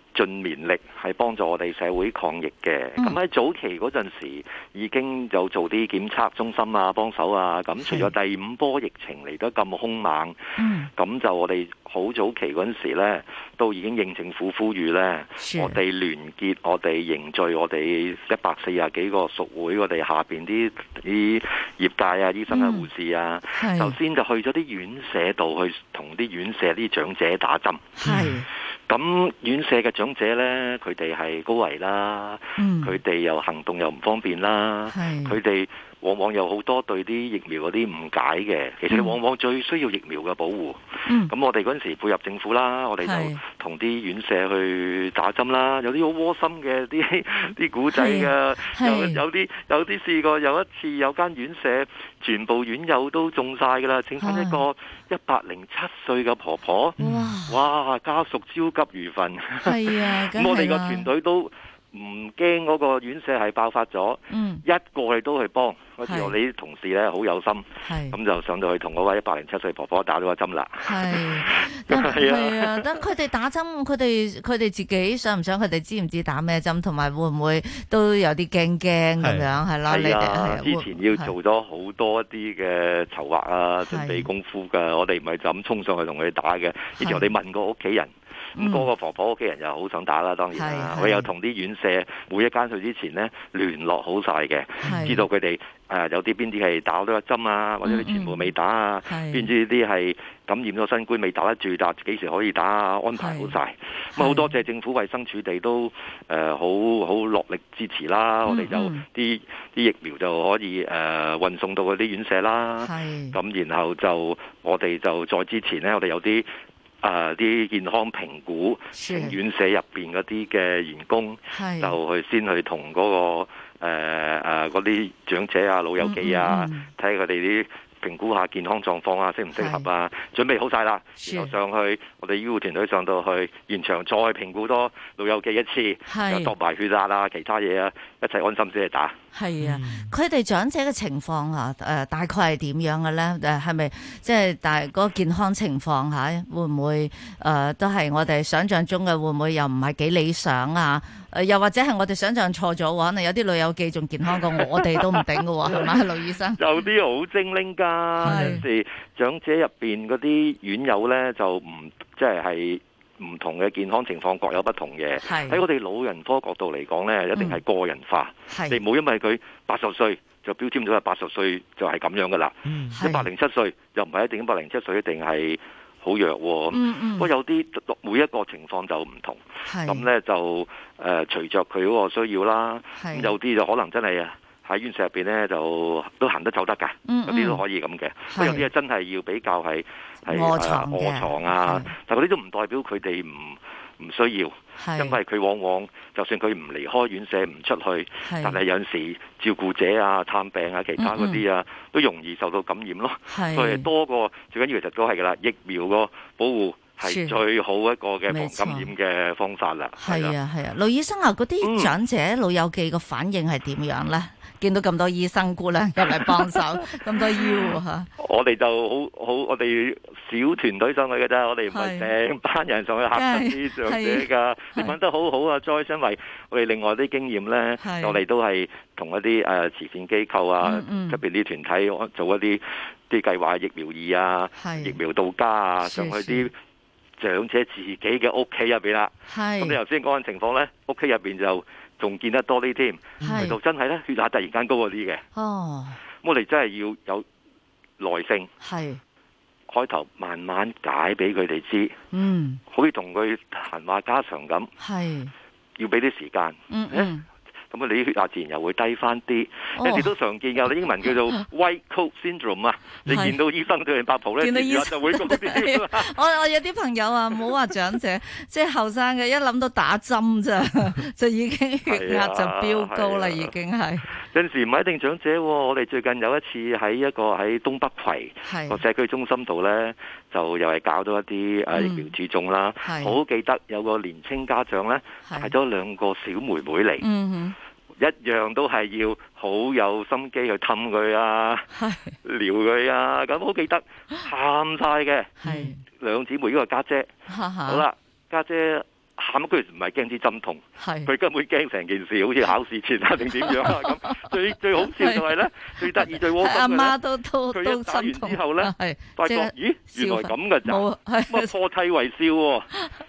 盡勉力係幫助我哋社會抗疫嘅。咁喺早期嗰陣時，已經有做啲檢測中心啊，幫手啊。咁除咗第五波疫情嚟得咁兇猛，咁、嗯、就我哋好早期嗰陣時咧，都已經應政府呼籲呢，我哋聯結我哋凝聚我哋一百四十幾個屬會，我哋下邊啲啲業界啊、醫生啊、嗯、護士啊，首先是就去咗啲院舍度去同啲院舍啲長者打針。咁院舍嘅長者咧，佢哋係高危啦，佢哋、嗯、又行動又唔方便啦，佢哋是。往往有好多對啲疫苗嗰啲誤解嘅，其實往往最需要疫苗嘅保護。咁、嗯、我哋嗰陣時配合政府啦，我哋就同啲院舍去打針啦。有啲好窩心嘅啲啲古仔嘅。有有啲有啲試過，有一次有間院舍全部院友都中晒㗎啦，剩翻一個一百零七歲嘅婆婆。哇！哇，家屬焦急如焚。係啊，咁、啊嗯、我哋個團隊都。唔驚嗰個院舍係爆發咗，一過去都去幫。嗰時你啲同事咧好有心，咁就上到去同嗰位一百零七歲婆婆打咗個針啦。係，係啊，等佢哋打針，佢哋佢哋自己想唔想，佢哋知唔知打咩針，同埋會唔會都有啲驚驚咁樣係咯？你哋之前要做咗好多一啲嘅籌劃啊，準備功夫㗎。我哋唔係就咁衝上去同佢哋打嘅，以前你哋問過屋企人。咁嗰、嗯、個婆婆屋企人又好想打啦，當然啦、啊。我有同啲院舍每一間去之前咧聯絡好晒嘅，是知道佢哋、呃、有啲邊啲係打咗一針啊，或者你全部未打啊，邊啲啲係感染咗新冠未打得住，但幾時可以打啊？安排好晒。咁好、嗯、多謝政府衛生處地都誒好好落力支持啦。是我哋就啲啲、嗯、疫苗就可以誒、呃、運送到嗰啲院舍啦。咁是然後就我哋就再之前咧，我哋有啲。啊！啲健康評估，院是舍入邊嗰啲嘅員工是就去先去同嗰、嗰個誒誒嗰啲長者啊、老友記啊，睇下佢哋啲評估下健康狀況啊，適唔適合啊，是準備好晒啦，是然後上去我哋醫護團隊上到去現場再評估多老友記一次，是又度埋血壓啊，其他嘢啊。一齊安心先嚟打。係啊，佢哋長者嘅情況嚇誒、呃，大概係點樣嘅咧？誒係咪即係大嗰、嗰個健康情況嚇，會唔會誒、呃、都係我哋想象中嘅？會唔會又唔係幾理想啊？誒、呃、又或者係我哋想象錯咗？可能有啲老友記仲健康過我哋都唔頂嘅喎，係咪啊，勞醫生？有啲好精靈㗎，係是長者入邊嗰啲院友咧，就唔即係係。唔同嘅健康情況各有不同嘅，喺是我哋老人科角度嚟講呢，一定係個人化，嗯、你唔好因為佢八十歲就標籤咗，八十歲就係咁樣噶啦，一百零七歲又唔係一定，一百零七歲一定係好弱，我、嗯嗯、有啲每一個情況就唔同，咁呢是就誒隨着佢嗰個需要啦，是有啲就可能真係。喺院舍入邊咧，就都行得走得噶，有啲都可以咁嘅。有啲真係要比較係係卧牀嘅卧牀啊，但嗰啲都唔代表佢哋唔唔需要，因為佢往往就算佢唔離開院舍唔出去，但係有陣時照顧者啊、探病啊、其他嗰啲啊，都容易受到感染咯。係多過最緊要，其實都係噶啦，疫苗個保護係最好一個嘅防感染嘅方法啦。係啊係啊，勞醫生啊，嗰啲長者老友記個反應係點樣咧？見到咁多醫生姑娘入嚟幫手，咁 多醫護嚇。我哋就好好，我哋小團隊上去嘅啫，我哋唔係成班人上去嚇啲長者㗎。你揾得很好好是啊，再因為我哋另外啲經驗咧，是我哋都係同一啲誒慈善機構啊，側、嗯嗯、邊啲團體做一啲啲計劃疫苗易啊，疫苗到家啊，是啊，上去啲長者自己嘅屋企入邊啦。咁是你頭先講緊情況咧，屋企入邊就。仲見得多啲添，嚟到是真係咧，血壓突然間高嗰啲嘅。哦，咁我哋真係要有耐性，係是開頭慢慢解俾佢哋知。嗯，可以同佢談話家常咁，係是要俾啲時間。嗯，嗯。嗯。咁啊，你血壓自然又會低翻啲，有、哦、時都常見我哋英文叫做 White Coat Syndrome 啊是，你見到醫生對你白袍呢？見到醫生然後就會。 我我有啲朋友啊，冇話長者， 即係後生嘅，一諗到打針咋， 就已經血壓就飆高啦，啊啊、已經係。有陣時唔係一定長者喎，我哋最近有一次喺一個喺東北葵個社區中心度咧，就又係搞到一啲誒疫苗注重啦。好記得有個年青家長咧，帶咗兩個小妹妹嚟，一樣都係要好有心機去氹佢啊、撩佢啊，咁好記得喊晒嘅。係兩姊妹，一個家姐。好啦，家姐。喊佢唔係驚啲針痛，佢根本驚成件事好似考試前定點樣啊咁。最最好笑就係咧，最得意最窩心。阿媽都都都針痛。打完之後咧，發覺咦原來咁嘅，就咁啊，破涕為笑喎。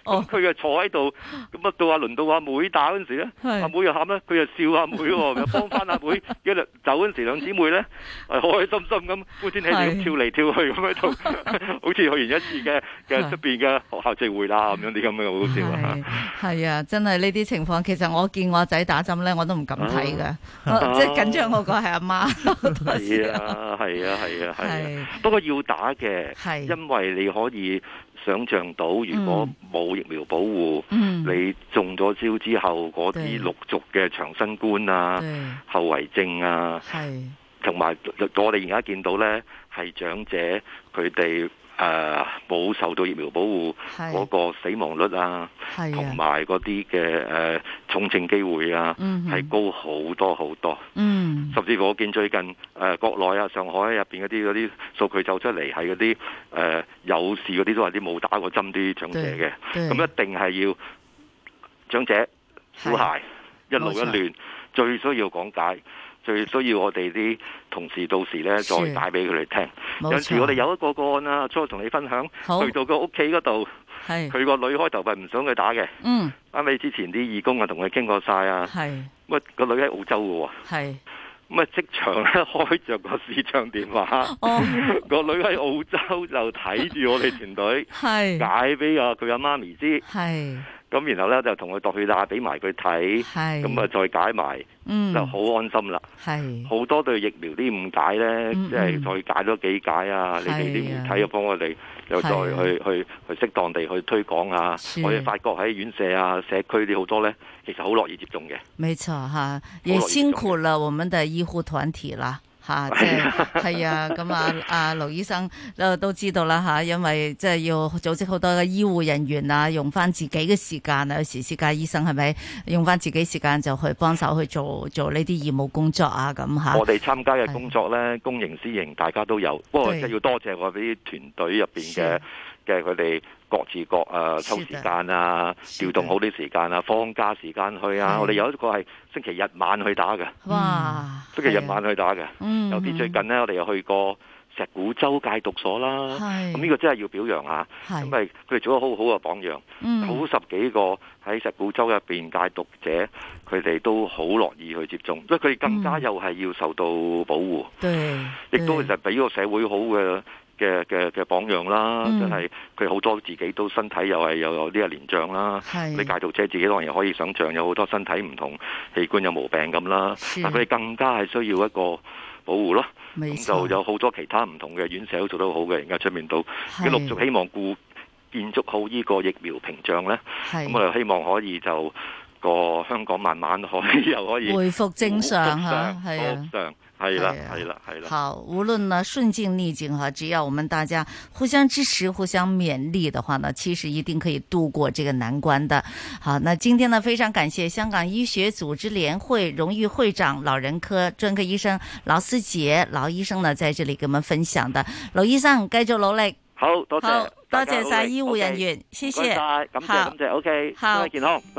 咁佢又坐喺度，咁啊到阿輪到阿妹打嗰陣時咧，阿妹又喊啦，佢又笑阿妹喎，又幫翻阿妹一路走嗰陣時，兩姊妹咧係開心心咁歡天喜地咁跳嚟跳去咁喺度，好似去完一次嘅嘅出邊嘅學校聚會啦咁樣啲咁嘅好笑啊～係啊，真係呢啲情況，其實我見我仔打針呢，我都唔敢睇嘅，即係緊張我個係阿媽。係啊，係啊，係啊，係不過要打嘅，係因為你可以想象到，如果冇疫苗保護，你中咗招之後，嗰啲陸續嘅長新冠啊、後遺症啊，係同埋我哋而家見到呢，係長者佢哋。誒冇、呃、受到疫苗保護，嗰是個死亡率啊，同埋嗰啲嘅誒重症機會啊，係、嗯、哼高好多好多。嗯、甚至我見最近誒、呃、國內啊，上海入面嗰啲嗰啲數據走出嚟，係嗰啲誒有事嗰啲都係啲冇打過針啲長者嘅，咁一定係要長者小孩、啊、一路一亂，錯最需要講解。最需要我哋啲同事到時咧，再打俾佢哋聽。有時我哋有一個個案啦，初同你分享，去到個屋企嗰度，佢個女開頭係唔想佢打嘅。嗯，啱啱之前啲義工啊，同佢傾過晒啊。係乜個女喺澳洲嘅喎？咁啊即場咧開着個視像電話，個女喺澳洲就睇住我哋團隊，係解俾啊佢阿媽咪知。係咁然後咧就同佢度血啦，俾埋佢睇，咁啊再解埋，就好安心啦。好多對疫苗啲誤解咧，即係再解咗幾解啊！你哋啲媒體又幫我哋又再去去去適當地去推廣啊！我哋發覺喺院舍啊、社區啲好多咧，其實好樂意接種嘅。冇錯嚇，也辛苦啦，我們的醫護團體啦。吓，即係係啊，咁啊，阿勞、 啊、醫生都知道啦吓，因為即係要組織好多嘅醫護人員啊，用翻自己嘅時間啊，有時私家醫生係咪用翻自己時間就去幫手去做做呢啲義務工作、工作啊？咁吓，我哋參加嘅工作咧，公營私營大家都有，對不過即係要多謝、謝我哋啲團隊入邊嘅。嘅佢哋各自各啊抽時間啊調動好啲時間啊放假時間去啊的我哋有一個係星期日晚去打嘅，哇星期日晚去打嘅，有啲的最近咧我哋又去過石鼓洲戒毒所啦，咁呢的個真係要表揚啊，咁咪佢哋做咗好好嘅榜樣，好十幾個喺石鼓洲入邊戒毒者，佢哋、嗯、都好樂意去接種，所以佢哋更加又係要受到保護，亦、嗯、都其實俾個社會好嘅。嘅嘅嘅榜樣啦，嗯、就係佢好多自己都身體又係有有呢個年長啦，是你駕駛車自己當然可以想象，有好多身體唔同器官有毛病咁啦，是但佢哋更加係需要一個保護咯。咁錯就有好多其他唔同嘅院舍都做得好嘅，而家出面到，陸續希望建是建築好呢個疫苗屏障咧。咁是我哋希望可以就個香港慢慢可以又可以回復正常嚇，係啊。係啦，係啦，係啦。好，無論呢，順境逆境哈，只要我們大家互相支持、互相勉勵的話呢，其實一定可以度過這個難關的。好，那今天呢，非常感謝香港醫學組織聯會榮譽會長、老人科專科醫生勞思傑勞醫生呢，在這裏給我們分享的。勞醫生，繼續努力。好多謝，多好謝晒醫護人員，okay, 謝謝。咁多謝，好感謝，OK，好。